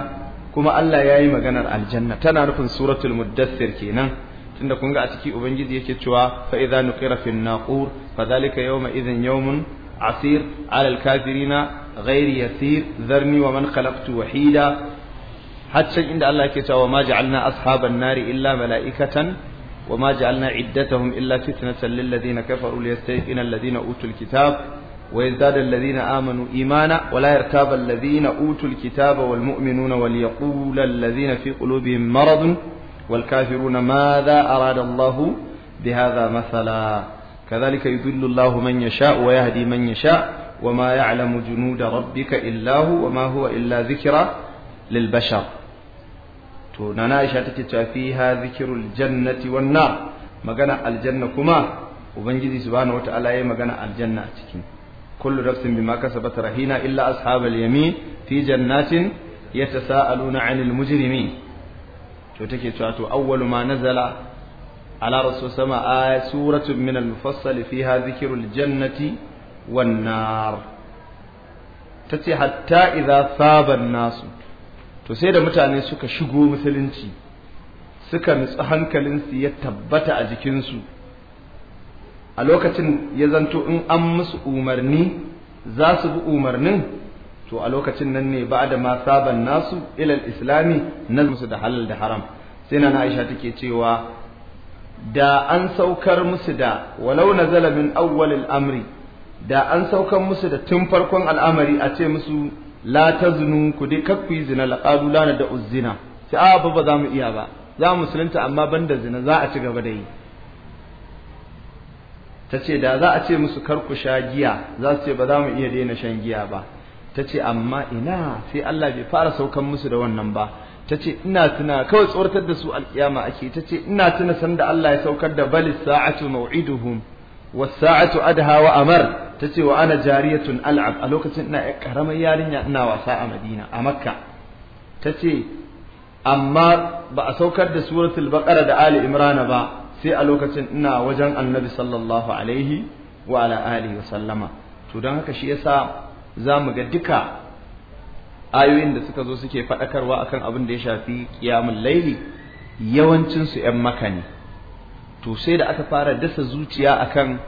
kuma Allah ya yi maganar aljanna tana nufin suratul muddassir kenan tunda kun ga a ciki ubangiji yake cewa fa idza nuqira fi naqur fa dhalika yawma idhin yawmun asir ala al-kafirina ghairi yasir dharni wa man khalaqtu wahida hatta inda Allah yake cewa ma ja'alna ashaban nari illa mala'ikatan wa ma ja'alna iddatahum illa fitnatan lil ladina kafaru liyastayqina alladhina utul kitab ويزداد الذين آمنوا إيمانا ولا يرتاب الذين أوتوا الكتاب والمؤمنون وليقول الذين في قلوبهم مرض wal kafiruna ma za arada Allahu bi hadha masala kadhalika yudillu Allahu man yasha wa yahdi man yasha wa ma ya'lamu junuda rabbika illa hu wa ma huwa illa dhikra lil Aisha take cewa fiha dhikrul jannati wan nar magana aljanna kuma ubangiji subhanahu wataala yayi magana aljanna a cikin kullu nafsin bima kasabat rahina illa ashabal yamin fi jannatin ya yatasaaluna 'anil mujrimin to take cewa to awwalu ma nazala ala rasul sama ayat suratun min al-mufassal fiha dhikrul jannati wan nar tace hatta idza saba nasu to sai da mutane suka shigo musulunci suka nutsu hankalinsu ya tabbata a jikinsu a lokacin ya zanto in an musu umarni za su bi umarnin to a lokacin nan ne ba da ma saban nasu ilal islami na musu da halal da haram sai nan aisha take cewa da an saukar musu da walau nazala min awwalil amri da an saukar musu da tun farkon al'amari a ce musu la taznu ku dai kakku yi zina laqalu lana da uzzina sai a ba ba za mu iya ba za mu musulunta amma banda zina za a ci gaba da yi ta ce da za a ce musu kar ku sha giya za su ce ba za mu iya daina shan giya ba ce amma ina sai Allah bai fara saukan musu da wannan ba ce ina tuna kawai tsoratar da su alkiyama ake tace ina tuna sanda Allah ya saukar da bali sa'atu maw'iduhum was adha wa amar tace wa ana jariyatun al'ab a lokacin ina karamar yarinya ina wasa a Madina a Makka tace amma ba a saukar da suratul baqara da ali imrana ba sai a lokacin ina wajen annabi sallallahu alaihi wa ala alihi wa sallama to don haka shi yasa za mu ga duka ayoyin da suka zo suke faɗakarwa akan abin da ya shafi ƙiyamun laili yawancinsu 'yan maka ne to sai da aka fara dasa zuciya akan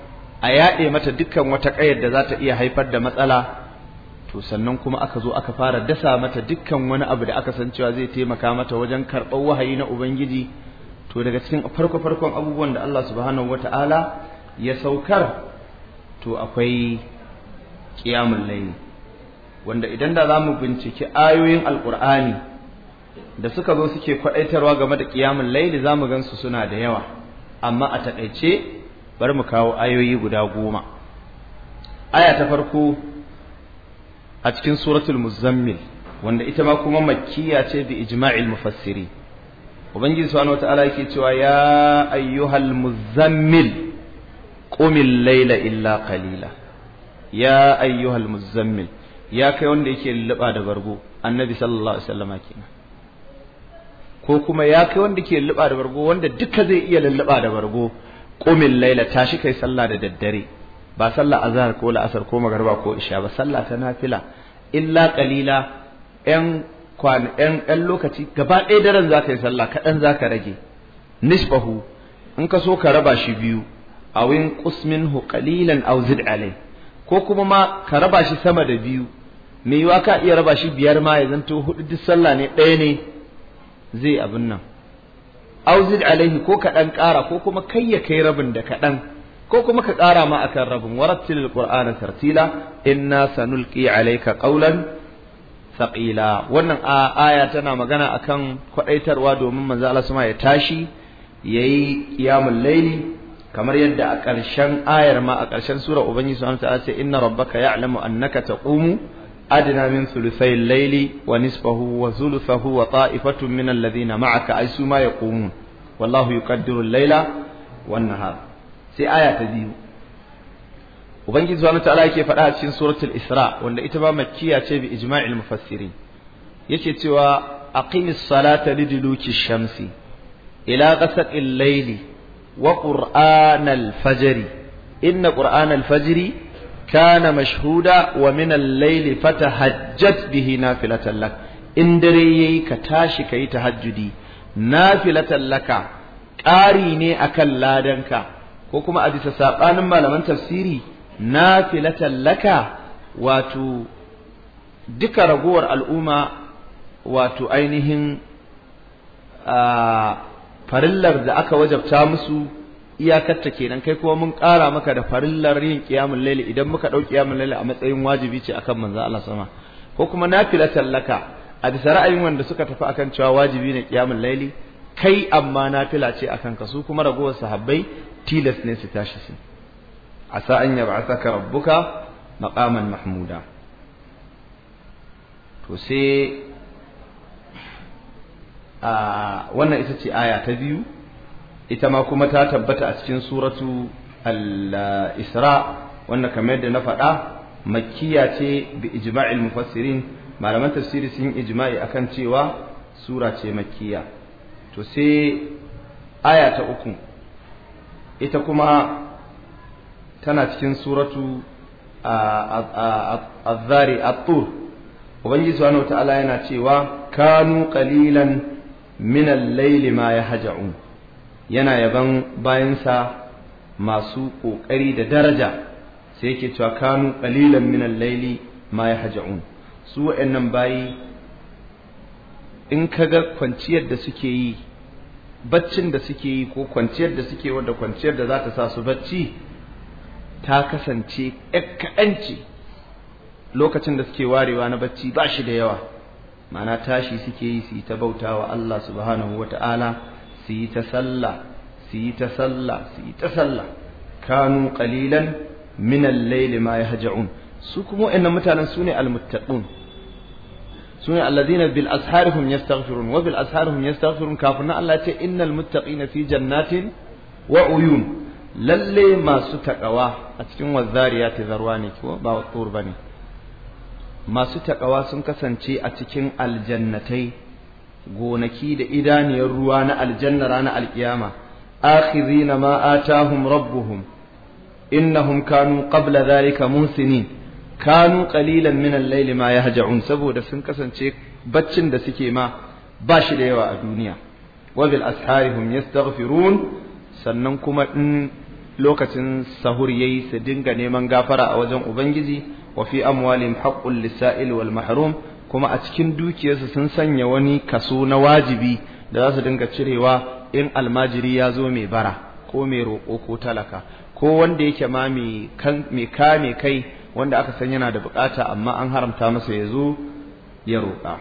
a yaɗe mata dukkan wata ƙayar da za ta iya haifar da matsala to sannan kuma aka zo aka fara dasa mata dukkan wani abu da aka san cewa zai taimaka mata wajen karɓar wahayi na ubangiji to daga cikin farko farkon abubuwan da Allah subhanahu wata'ala ya saukar to akwai Kiyamun laili wanda idan da zamu binciki ayoyin alqur'ani da suka zo suke kwadaitarwa game da qiyamul laili zamu gansu suna da yawa amma a taƙaice bari mu kawo ayoyi guda goma aya ta farko a cikin suratul muzammil wanda ita ma kuma makkiya ce bi ijma'il mufassiri ubangiji subhanahu wataala yake cewa ya ayyuhal muzammil qumil layla illa qalila ya ayyuhal muzammil ya kai wanda yake lulluɓa da bargo annabi sallallahu alaihi wasallama kenan ko kuma ya kai wanda ke lulluɓa da bargo wanda duka zai iya lulluɓa da bargo qumin laila tashi kai sallah da daddare ba sallah azhar ko la'asar ko magariba ko isha ba sallah ta nafila illa qalila yan kwan yan ɗan lokaci gaba ɗaya daren za ka yi sallah kaɗan za ka rage nisbahu in ka so ka raba shi biyu awin qusminhu qalilan aw zid alai ko kuma ma ka raba shi sama da biyu me yiwa ka iya raba shi biyar ma ya zanto hudu duk sallah ne ɗaya ne zai abin nan auzid alaihi ko ka dan ƙara ko kuma kai ya kai rabin da kaɗan ko kuma ka ƙara ma akan rabin warattilil qur'ana tartila inna sanulqi alayka qawlan thaqila wannan aya tana magana akan kwadaitarwa domin manzo Allah ya tashi yayi qiyamul layli kamar yadda a ƙarshen ayar ma a ƙarshen sura ubangiji subhanahu ta'ala ce inna rabbaka ya'lamu annaka taqumu adna min thuluthay layli wa nisfahu wa thuluthahu wa ta'ifatun min alladhina ma'aka ay suma yaqumun wallahu yuqaddiru al-layla wan nahar sai aya ta biyu ubangiji subhanahu ta'ala yake faɗa a cikin suratul isra wanda ita ba makkiya ce bi ijma'il mufassirin yake cewa aqimis salata liduluki shamsi ila ghasaqil layli wa qur'an al-fajr inna qur'an al-fajr kana mashhuda wa min al-layl fatahajjat bihi nafilatan lak in dare yayi ka tashi ka kai tahajjudi nafilatan laka ƙari ne akan ladanka ko kuma a bisa saɓanin malaman tafsiri nafilatan laka wato duka ragowar al'umma wato ainihin a ah, farillar da aka wajabta musu iyakarta kenan kai kuma mun ƙara maka da farillar yin ƙiyamin laili idan muka ɗau qiyamul laili a matsayin wajibi ce akan manzo Allah sama ko kuma nafilatan laka a bisa ra'ayin wanda suka tafi akan cewa wajibi ne qiyamul laili? kai amma nafila ce akan ka su kuma ragowar sahabbai tilas ne su tashi su asa an yab'athaka rabbuka maqaman mahmuda to sai wannan ita ce aya ta biyu ita ma kuma ta tabbata a cikin suratu al-isra wanda kamar yadda na faɗa makkiya ce bi ijma'il mufassirin malaman tafsiri sun ijma'i akan cewa sura ce makkiya to sai aya ta uku ita kuma tana cikin suratu tur. الطور ubangiji wa ta'ala yana cewa kanu qalilan Minan laili ma ya haja'un yana yaban bayansa masu ƙoƙari da daraja sai yake cewa kanu ƙalilan minan laili ma ya haja'un su wa'annan bayi in kaga kwanciyar da suke yi baccin da suke yi ko kwanciyar da suke wadda kwanciyar da za ta sa su bacci ta kasance kaɗanci lokacin da suke warewa na bacci ba shi da yawa ma'ana tashi suke yi su yi ta bautawa Allah subhanahu wata'ala su yi ta sallah su yi ta sallah su yi ta sallah kanu ƙalilan minan al-layli ma yahja'un su kuma wa'annan mutanen su ne al-muttaqun sune alladhina bil ashari hum yastaghfirun wa bil ashari hum yastaghfirun kafin na Allah ya ce innal muttaqina fi jannatin wa uyun lalle masu takawa a cikin wazzariyati zarwa ne ko ba wa bane masu taƙawa sun kasance a cikin aljannatai gonaki da idaniyar ruwa na aljanna ranar alkiyama akhirina ma atahum rabbuhum innahum kanu qabla zalika musinin kanu qalilan min al-layli ma yahja'un saboda sun kasance baccin da suke ma ba shi da yawa a duniya wa bil asharihum yastaghfirun sannan kuma in lokacin sahur yayi su dinga neman gafara a wajen ubangiji wa fi amwalin haqqul lisa'il wal mahrum kuma a cikin dukiyarsu sun sanya wani kaso na wajibi da za su dinga cirewa in almajiri ya zo mai bara ko mai roƙo ko talaka ko wanda yake ma mai kame kai wanda aka san yana da bukata amma an haramta masa ya zo ya roƙa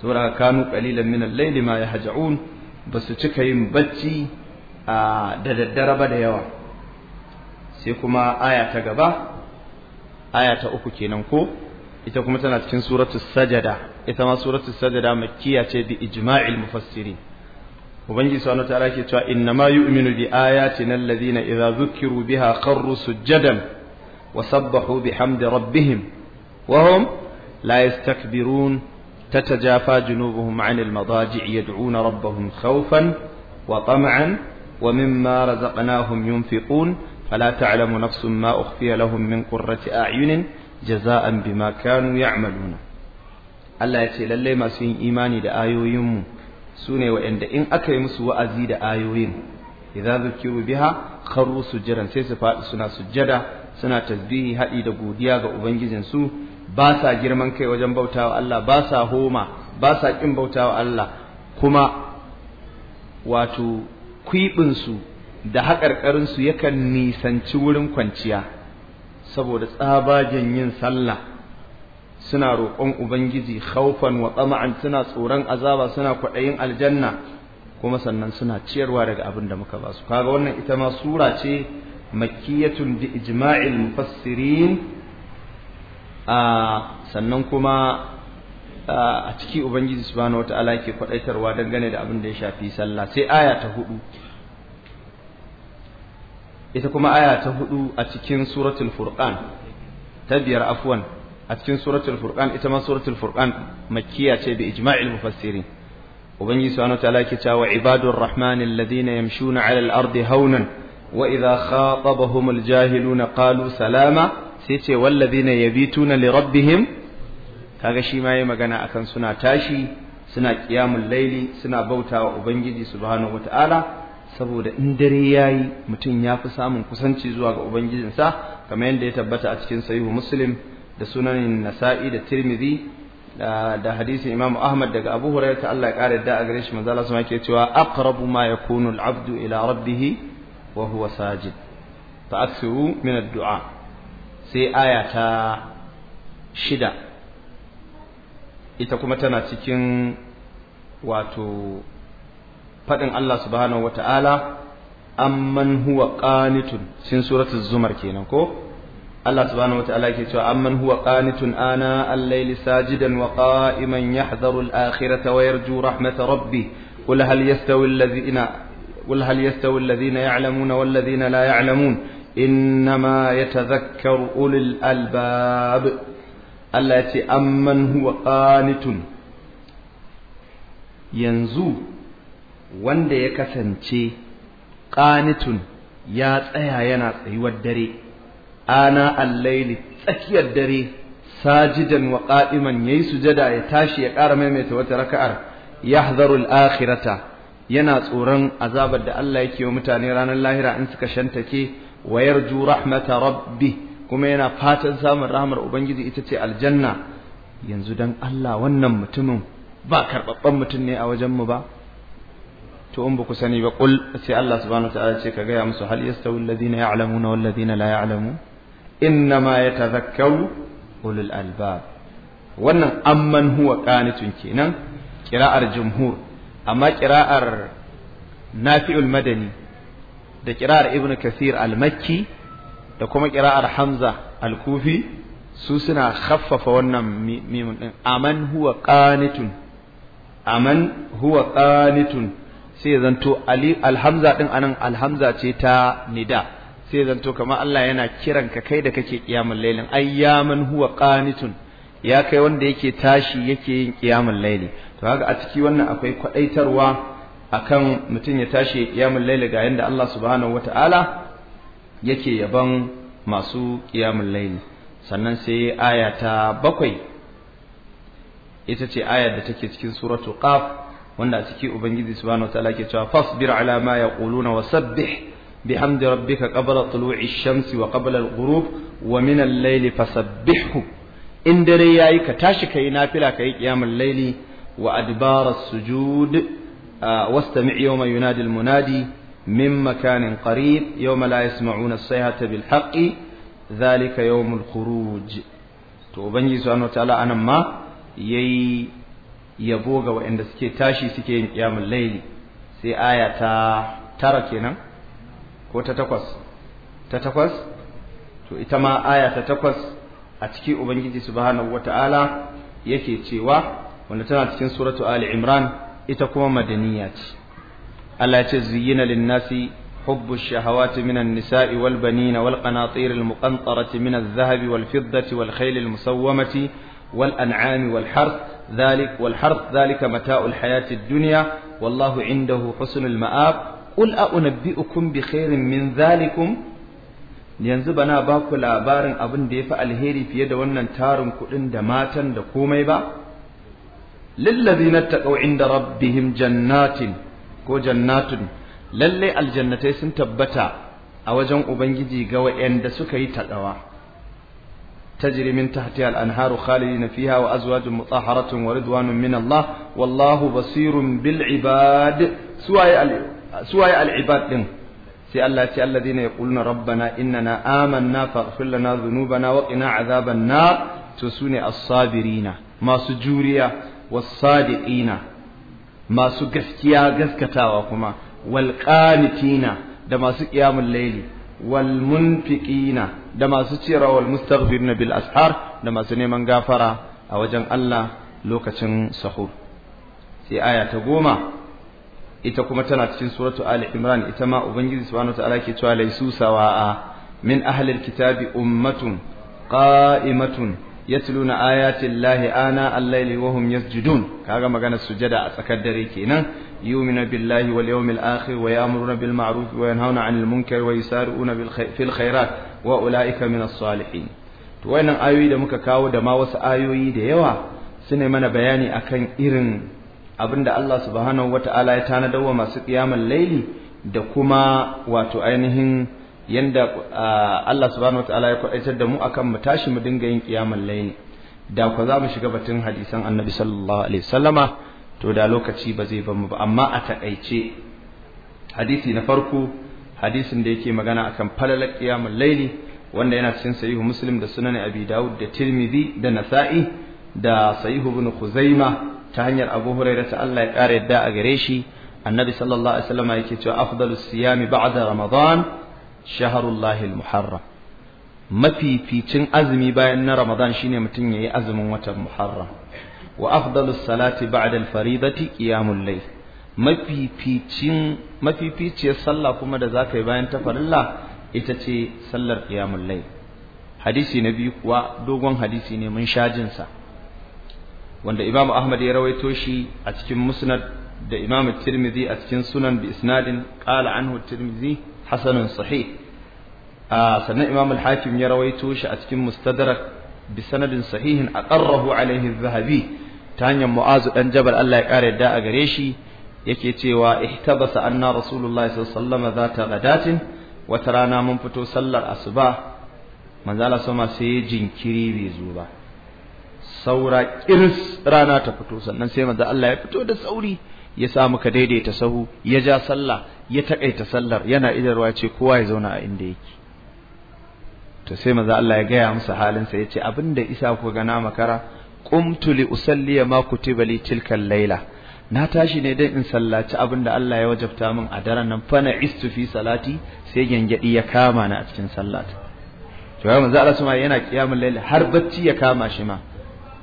saboda kanu qalilan min al-layli ma yahja'un basu cika yin bacci da daddare ba da yawa sai kuma aya ta gaba aya ta uku kenan ko ita kuma tana cikin suratul sajada ita ma suratul sajada makkiya ce bi ijma'il mufassirin ubangiji subhanahu ta'ala ke cewa inna ma yu'minu bi ayatina alladhina idza dhukiru biha kharru sujadan wa sabbahu bihamdi rabbihim wa hum la yastakbirun تتجافى جنوبهم عن المضاجع يدعون ربهم خوفا وطمعا ومما رزقناهم ينفقون فلا تعلم نفس ما أخفي لهم من قرة أعين جزاء بما كانوا يعملون Allah ya ce lallai masu yin imani da ayoyinmu su ne waɗanda in aka yi musu wa'azi da ayoyin idza zukiru biha kharru sujjadan sai su faɗi suna sujjada suna tasbihi haɗi da godiya ga ubangijin su ba sa girman kai wajen bautawa Allah ba sa homa ba sa kin bautawa Allah kuma wato kwiɓinsu da haƙarƙarinsu yakan nisanci wurin kwanciya saboda tsabagen yin sallah suna roƙon ubangiji haufan wa tsama'an suna tsoron azaba suna kwaɗayin aljanna kuma sannan suna ciyarwa daga abin da muka ba su kaga wannan ita ma sura ce makiyatun bi ijma'il mufassirin a sannan kuma a ciki ubangiji subhanahu wata'ala yake kwaɗaitarwa dangane da abin da ya shafi sallah sai aya ta hudu ita kuma aya ta hudu a cikin suratul furqan ta biyar afwan a cikin suratul furqan ita ma suratul furqan makkiya ce bi ijma'il mufassirin ubangiji subhanahu wa ta'ala ke cewa ibadur rahman alladhina yamshuna 'ala al-ardi hawnan wa idha khatabahum al-jahiluna qalu salama sai ce walladhina yabituna li rabbihim kaga shi ma yayi magana akan suna tashi suna qiyamul laili suna bautawa ubangiji subhanahu wa ta'ala saboda in dare ya yi mutum ya fi samun kusanci zuwa ga ubangijinsa kamar yadda ya tabbata a cikin sahihu muslim da sunanin nasa'i da tirmidhi da hadisin imamu ahmad daga abu hurairah ta Allah ya kare da a gare shi manzo sama ke cewa aqrabu ma yakunu al-abdu ila rabbih wa huwa sajid fa aksu min ad-du'a sai aya ta shida ita kuma tana cikin wato faɗin Allah subhanahu wata'ala amman huwa qanitun sin suratul zumar kenan ko Allah subhanahu wata'ala yake cewa amman huwa qanitun ana al-layli sajidan wa qa'iman yahdharu al-akhirata wa yarju rahmata rabbih qul hal yastawi alladhina قل هل يستوي الذين يعلمون والذين لا يعلمون إنما يتذكر أولي الألباب التي أمن هو قانت ينزو wanda ya kasance qanitun ya tsaya yana tsayuwar dare ana allaili tsakiyar dare sajidan wa qa'iman yayi sujada ya tashi ya ƙara maimaita wata raka'ar yahzaru al-akhirata yana tsoron azabar da Allah yake wa mutane ranar lahira in suka shantake wayar yarju rahmata rabbi kuma yana fatan samun rahmar ubangiji ita ce aljanna yanzu dan Allah wannan mutumin ba karɓaɓɓen mutum ne a wajen mu ba to in baku sani ba qul sai Allah subhanahu wataala ce ka gaya musu hal yastawi alladhina ya'lamuna wal ladina la ya'lamu innama yatadhakkaru ulul albab wannan amman huwa qanitun kenan qira'ar jumhur amma qira'ar nafi'ul madani da qira'ar ibnu kathir al-makki da kuma qira'ar hamza al-kufi su suna khaffafa wannan mimun din aman huwa qanitun aman huwa qanitun sai ya zanto ali alhamza din anan alhamza ce ta nida sai zanto kamar Allah yana kiran ka kai da kake kiyamul lailin ayyaman huwa qanitun ya kai wanda yake tashi yake yin kiyamul laili to haka a ciki wannan akwai kwadaitarwa akan mutum ya tashi kiyamul laili ga yanda Allah subhanahu wataala yake yaban masu kiyamul laili sannan sai aya ta bakwai ita ce aya da take cikin suratul qaf wanda a ciki ubangiji subhanahu wataala ke cewa fasbir ala ma yaquluna wasabbih bihamdi rabbika qabla tulu'i shamsi wa qabla al-ghurub wa min al-layli in dare yayi ka tashi kai nafila kai qiyamul layli wa adbar as-sujud uh, wastami' yawma yunadi al-munadi min makanin qarib yawma la yasma'una as-sayhata bil haqqi dhalika yawmul khuruj to ubangiji subhanahu wataala anan ma yayi yabo ga waɗanda suke tashi suke yin qiyamul layli sai aya ta tara kenan ko ta takwas ta takwas to ita ma aya ta takwas a ciki ubangiji subhanahu wata'ala yake cewa wanda tana cikin suratu ali imran ita kuma madaniya ce Allah ya ce zuyyina lin-nasi حب الشهوات من النساء والبنين والقناطير المقنطرة من الذهب والفضة والخيل المسومة والأنعام والحرث ذلك والحرث ذلك متاع الحياة الدنيا والله عنده حسن المآب قل أنبئكم بخير من ذلكم yanzu bana ba ku labarin abin da ya fi alheri fiye da wannan tarin kuɗin da matan da komai ba lillazina taqaw inda rabbihim jannatin ko jannatun lallai aljannatai sun tabbata a wajen ubangiji ga da suka yi taƙawa تجري من تحتها الأنهار خالدين فيها وأزواج مطهرة ورضوان من الله والله بصير بالعباد سواء سواء العباد لهم سي الله سي الذين يقولون ربنا إننا آمنا فاغفر لنا ذنوبنا وقنا عذاب النار تسوني الصابرين ما سجوريا والصادقين ما سقفتيا قسكتا وكما والقانتين دما سقيام الليل wal munfiqina da masu ciyarwa wal na bil ashar da masu neman gafara a wajen Allah lokacin sahur sai aya ta goma ita kuma tana cikin suratu ali imran ita ma ubangiji subhanahu wataala ke cewa laisu sawa'a min ahlil kitabi ummatun qa'imatun yatluna ayatin lahi ana allaili wa hum yasjudun kaga magana sujada a tsakar dare kenan yu'minu billahi wal yawmil akhir wa ya'muruna bil ma'ruf wa yanhauna 'anil munkar wa yusari'una bil fil khairat wa ulaika minas salihin to wannan ayoyi da muka kawo da ma wasu ayoyi da yawa sune mana bayani akan irin abinda Allah subhanahu wata'ala ya tanadar wa masu qiyamul laili da kuma wato ainihin yanda Allah subhanahu wataala ya kwadaitar da mu akan mu tashi mu dinga yin kiyamul laini da ku za mu shiga batun hadisan annabi sallallahu alaihi wasallama to da lokaci ba zai ba mu ba amma a takaice hadisi na farko hadisin da yake magana akan falalar qiyamul laini wanda yana cikin sahihu muslim da sunan abi daud da tirmidhi da nasa'i da sahihu ibn khuzaima ta hanyar abu hurairah ta Allah ya kare yadda a gare shi annabi sallallahu alaihi wasallama yake cewa afdalus siyami ba'da ramadan shaharullahil muharram mafificin azumi bayan na ramadan shine mutum yayi azumin watan muharram wa afdalus salati ba'da al-faridati qiyamul layl mafificin mafificiyar sallah kuma da zaka yi bayan tafarilla ita ce sallar qiyamul layl hadisi na biyu kuwa dogon hadisi ne mun shajin sa wanda Imam Ahmad ya rawaito shi a cikin Musnad da Imam Tirmidhi a cikin Sunan bi isnadin qala anhu Tirmidhi hasanun sahih sannan imam al-hakim ya rawaito shi a cikin mustadrak bi sanadin sahihin aqarrahu alaihi az-zahabi ta hanyar mu'azu dan jabal Allah ya kare da a gare shi yake cewa ihtabasa anna rasulullahi sallallahu alaihi wasallam zata gadatin wata rana mun fito sallar asuba manzo Allah sama sai jinkiri bai zo ba saura kirs rana ta fito sannan sai manzo Allah ya fito da sauri ya sa muka daidaita sahu ya ja sallah ya takaita sallar yana idarwa ce kowa ya zauna a inda yake to sai maza Allah ya gaya musu halinsa ya ce abinda isa ku na makara qumtu li usalli ma kutiba li tilka laila na tashi ne dan in sallaci abinda Allah ya wajabta min a daren nan Fana na istu fi salati sai gengedi ya kama na a cikin sallata to ya maza Allah suma yana qiyamul layl har bacci ya kama shi ma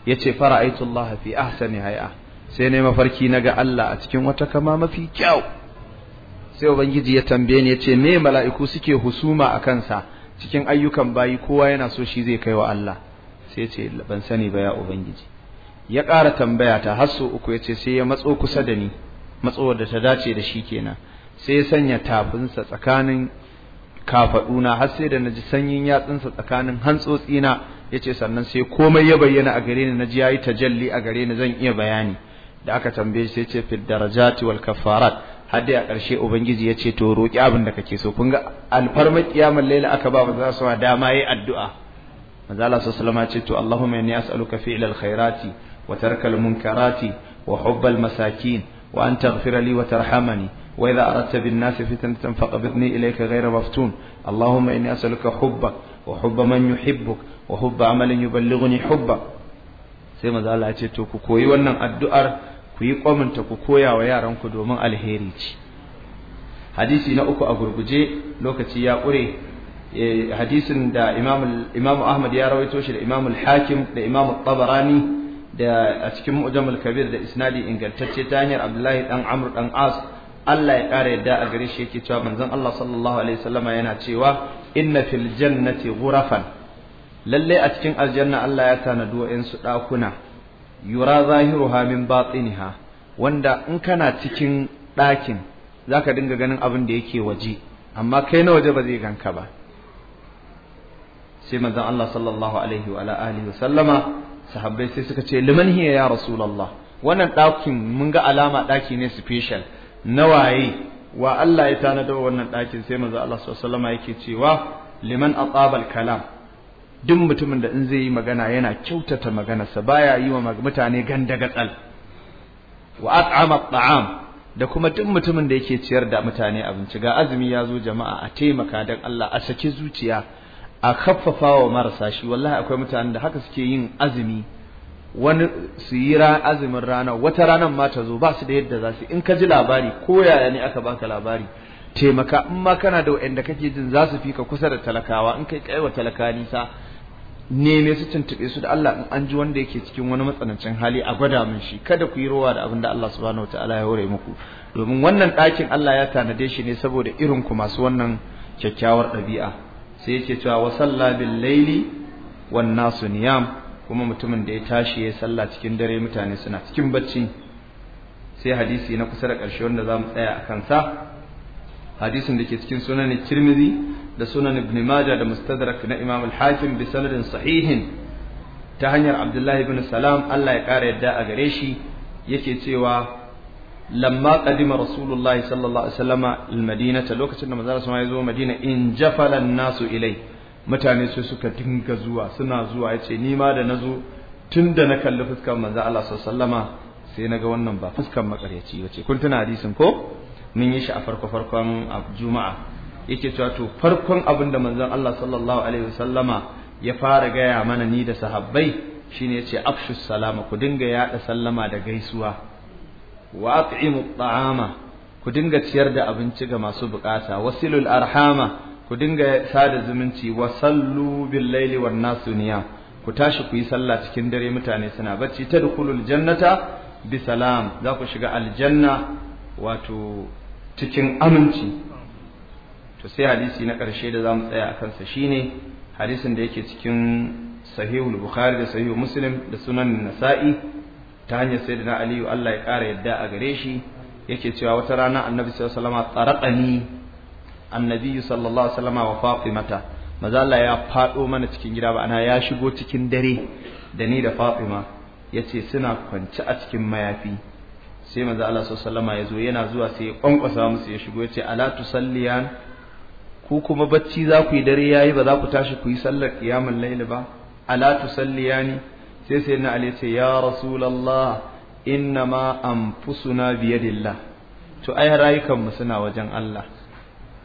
yace fara'aytu Allah fi ahsani hay'a sai ne mafarki na ga Allah a cikin wata kama mafi kyau sai ubangiji ya tambaye ni ce me mala'iku suke husuma a kansa cikin ayyukan bayi kowa yana so shi zai kai wa Allah sai ya ce ban sani ba ya ubangiji ya ƙara tambaya ta har so uku ya ce sai ya matso kusa da ni matso da ta dace da shi kenan sai ya sanya tafinsa tsakanin kafaduna har sai da naji sanyin yatsunsa tsakanin hantsotsina yace sannan sai komai ya bayyana a gare ni naji yayi tajalli a gare ni zan iya bayani da aka tambaye shi yace fil darajati wal kafarat har dai a ƙarshe ubangiji yace to roki abin da kake so kun ga alfarmar kiyamar laila aka ba manzo sallallahu alaihi dama yi addu'a manzo sallallahu alaihi ce to Allahumma inni as'aluka fi'l al-khairati wa tarkal munkarati wa hubb al masakin wa an taghfir li wa tarhamani wa idha aradta وإذا أردت بالناس فتنة فقبضني إليك غير مفتون اللهم إني أسألك حبك وحب من يحبك وحب عمل يبلغني حبك sai maza Allah ya ce to ku koyi wannan addu'ar ku yi kwaminta ku koya wa yaranku domin alheri ce hadisi na uku a gurguje lokaci ya ƙure e, hadisin da imamu ahmad ya rawaito shi da imamu hakim da imamu tabarani da a cikin mu'jamul kabir da isnadi ingantacce ta hanyar abdullahi dan amr dan as Allah ya ƙara yadda a gare shi yake cewa manzon Allah sallallahu alaihi wasallama yana cewa inna fil jannati ghurafan lalle a cikin aljanna Allah ya tanadi wa'insu ɗakuna yura zahiruha min batiniha wanda in kana cikin ɗakin zaka dinga ganin abin da yake waje amma kai na waje ba zai ganka ba sai manzon Allah sallallahu alaihi wa alihi sallama sahabbai sai suka ce liman hiya ya rasulullah wannan ɗakin mun ga alama ɗaki ne special na waye wa Allah ya tanada wannan dakin? sai manzon Allah sallallahu alaihi wa sallama yake cewa liman aqabal kalam duk mutumin da in zai yi magana yana kyautata maganarsa baya yi wa mutane ganda gatsal wa at'ama at'am da kuma duk mutumin da yake ciyar da mutane abinci ga azumi ya zo jama'a a taimaka dan Allah a saki zuciya a kaffafa wa marasa shi wallahi akwai mutanen da haka suke yin azumi wani su yi azumin rana wata ranar ma ta zo ba su da yadda za su in ka ji labari ko yaya ne aka baka labari taimaka in ma kana da wa'anda kake jin za su fi ka kusa da talakawa in kai kaiwa talaka nisa neme su tuntube su da Allah in an ji wanda yake cikin wani matsanancin hali a gwada min shi kada ku yi rowa da abin da Allah subhanahu ta'ala ya hore muku domin wannan ɗakin Allah ya tanade shi ne saboda irin ku masu wannan kyakkyawar ɗabi'a sai yake cewa wa salla bil laili wan nasu niyam kuma mutumin da ya tashi ya sallah cikin dare mutane suna cikin bacci sai hadisi na kusa da ƙarshe wanda zamu mu tsaya a kansa hadisin da ke cikin sunan Tirmidhi da sunan ibn majah da mustadrak na imam al-hakim bi sanadin sahihin ta hanyar abdullahi ibn salam Allah ya kara yadda a gare shi yake cewa lamma qadima rasulullahi sallallahu alaihi wasallam al-madinata lokacin da manzo sama ya zo madina in jafala nasu ilai mutane su suka dinga zuwa suna zuwa yace ni ma da nazo tunda na kalli fuskar manzo Allah sallallahu alaihi sai naga wannan ba fuskar makaryaci bace kun tuna hadisin ko mun yi shi a farko farkon juma'a yake cewa to farkon abin da manzon Allah sallallahu alaihi wasallama ya fara gaya mana ni da sahabbai shine yace afshu salama ku dinga yada sallama da gaisuwa wa at'imu ta'ama ku dinga ciyar da abinci ga masu bukata wasilul arhama ku dinga sada zumunci wa sallu bil laili wan nasu ku tashi ku yi sallah cikin dare mutane suna bacci dukulul jannata bi salam za ku shiga aljanna wato cikin aminci to sai hadisi na ƙarshe da zamu tsaya a kansa shine hadisin da yake cikin sahihul bukhari da sahihu muslim da sunan nasa'i ta hanyar na aliyu Allah ya ƙara yadda a gare shi yake cewa wata rana annabi sallallahu alaihi wasallam annabi sallallahu alaihi wasallam wa fatimata maza Allah ya faɗo mana cikin gida ba ana ya shigo cikin dare da ni da fatima yace suna kwance a cikin mayafi sai maza Allah sallallahu alaihi ya zo yana zuwa sai ya ƙwanƙwasa musu ya shigo yace ala tusalliyan ku kuma bacci za ku yi dare ya yi ba za ku tashi ku yi sallar kiyamun laili ba ala tusalliyani sai sai na ali ce ya rasulullah inna ma biye dilla to ai rayukan mu suna wajen Allah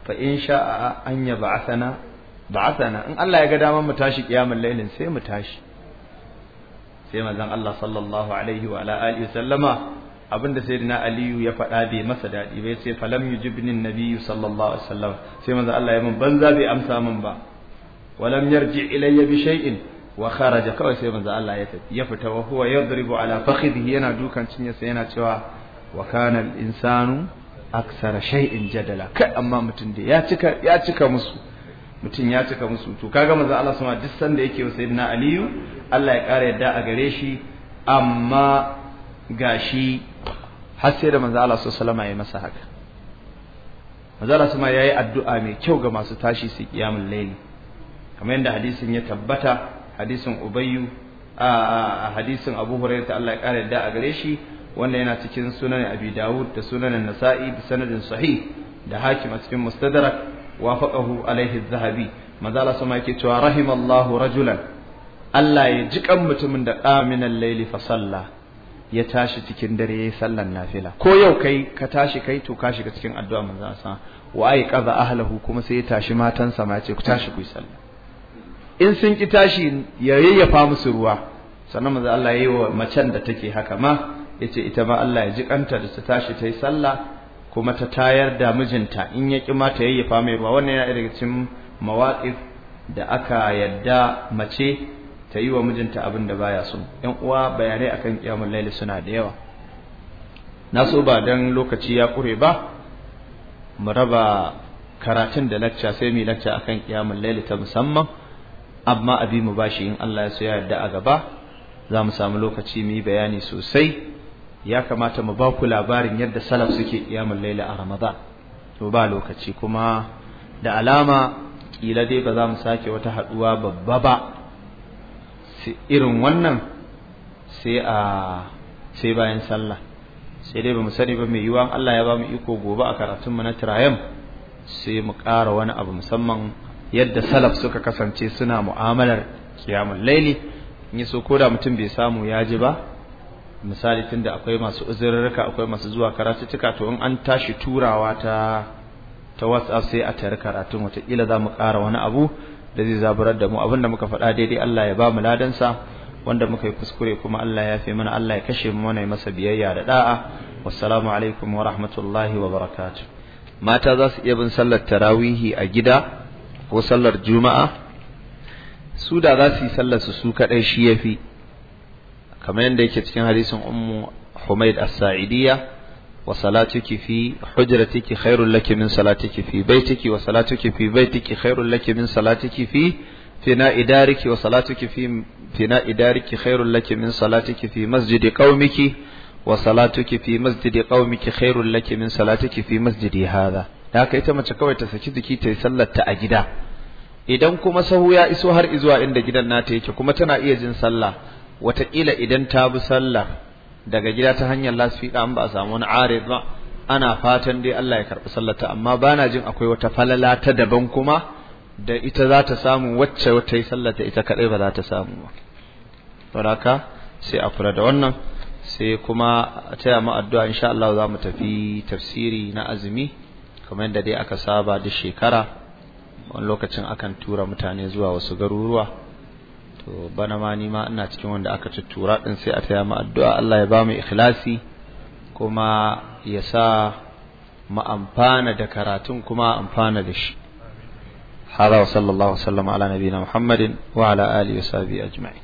fa in sha'a an yab'athana ba'athana in Allah ya ga dama mu tashi kiyamun lailin sai mu tashi sai manzon Allah sallallahu alaihi wa ala alihi sallama abinda sayyidina aliyu ya faɗa bai masa daɗi ba yace falam yujibni nabiyyu sallallahu alaihi wasallam sai manzo Allah ya min banza bai amsa min ba walam yarji ilayya bi shay'in wa kharaja kawai sai manzo Allah ya tafi ya fita wa huwa yadribu ala fakhidhihi yana dukan sai yana cewa wa kana al-insanu aksara shay'in jadala kai amma mutun da ya cika ya cika musu mutum ya cika musu to kaga manzo Allah sama duk sanda yake wa sayyidina Aliyu Allah ya ƙara yadda a gare shi amma gashi har sai da manzo Allah sallallahu alaihi masa haka manzo Allah sama yayi addu'a mai kyau ga masu tashi su kiyamul layli kamar yadda hadisin ya tabbata hadisin Ubayyu a hadisin Abu Hurairah Allah ya kare da a gare shi wanda yana cikin sunan Abi da'ud da sunan Nasa'i da sanadin sahih da hakim a cikin Mustadrak wafaqahu alaihi Zahabi manzo Allah sama yake cewa rahimallahu rajulan Allah ya jikan mutumin da qaminal layli fa sallah ya tashi cikin dare yayi sallar nafila ko yau kai ka tashi kai to ka shiga cikin addu'a manzo Allah wa ay qaza ahlahu kuma sai ya tashi matansa ma ya ce ku tashi ku yi sallah in sun ki tashi ya yayyafa musu ruwa sannan manzo Allah ya yi wa macen da take haka ma yace ita ma Allah ya ji kanta da ta tashi ta yi sallah kuma ta tayar da mijinta in ya ki ma ta yayyafa mai ruwa wannan yana daga cikin mawaqif da aka yadda mace ta yi wa mijinta abin da baya so yan uwa bayanai akan kiyamul laili suna da yawa na so ba dan lokaci ya ƙure ba mu raba karatun da lacca sai mu lacca akan kiyamul laili ta musamman amma abi mu bashi in Allah ya so ya yarda a gaba za mu samu lokaci mu yi bayani sosai ya kamata mu ba ku labarin yadda salaf suke kiyamul laili a Ramadan to ba lokaci kuma da alama kila dai ba za mu sake wata haduwa babba ba irin wannan sai a sai bayan sallah sai dai bamu sani ba mai yiwuwa Allah ya ba mu iko gobe a karatunmu na tirayam sai mu ƙara wani abu musamman yadda salaf suka kasance suna mu'amalar kiyamun laili in yi so ko da mutum bai samu ya ji ba misali tunda akwai masu uzurruka akwai masu zuwa karatuttuka to in an tashi turawa ta ta WhatsApp sai a tare karatun watakila za mu ƙara wani abu da zai zaburar da mu abinda muka faɗa daidai Allah ya ba mu ladansa wanda muka yi kuskure kuma Allah ya fi mana Allah ya kashe mu mana masa biyayya da da'a wassalamu alaikum wa rahmatullahi wa barakatuh mata za su iya bin sallar tarawihi a gida ko sallar juma'a su da za su yi sallar su su kadai shi yafi kamar yadda yake cikin hadisin ummu Humaid as-Sa'idiyya wa salatuki fi hujratiki khairul min salatiki fi baitiki wa salatuki fi baitiki khairul laki min salatiki fi fina idariki wa salatuki fina idariki khairul min salatiki fi masjidi qaumiki wa salatuki masjidi qaumiki khairul min salatiki masjidi haka ita mace kawai ta saki jiki ta yi sallar ta a gida idan kuma sahu ya iso har izuwa inda gidan nata yake kuma tana iya jin sallah wataƙila idan ta bi sallah daga gida ta hanyar lasfiƙa an ba a samu wani arid ba ana fatan dai Allah ya karɓi sallata amma ba na jin akwai wata falala ta daban kuma da ita za ta samu wacce wata yi sallata ita kaɗai ba za ta samu ba haka sai a kula da wannan sai kuma a taya mu addu'a insha Allah za mu tafi tafsiri na azumi kamar yadda dai aka saba duk shekara wani lokacin akan tura mutane zuwa wasu garuruwa to bana ma ni ma ina cikin wanda aka tuttura din sai a taya mu addu'a Allah ya ba mu ikhlasi kuma ya sa mu amfana da karatun kuma amfana da shi هذا وصلى الله وسلم على نبينا محمد وعلى آله وصحبه أجمعين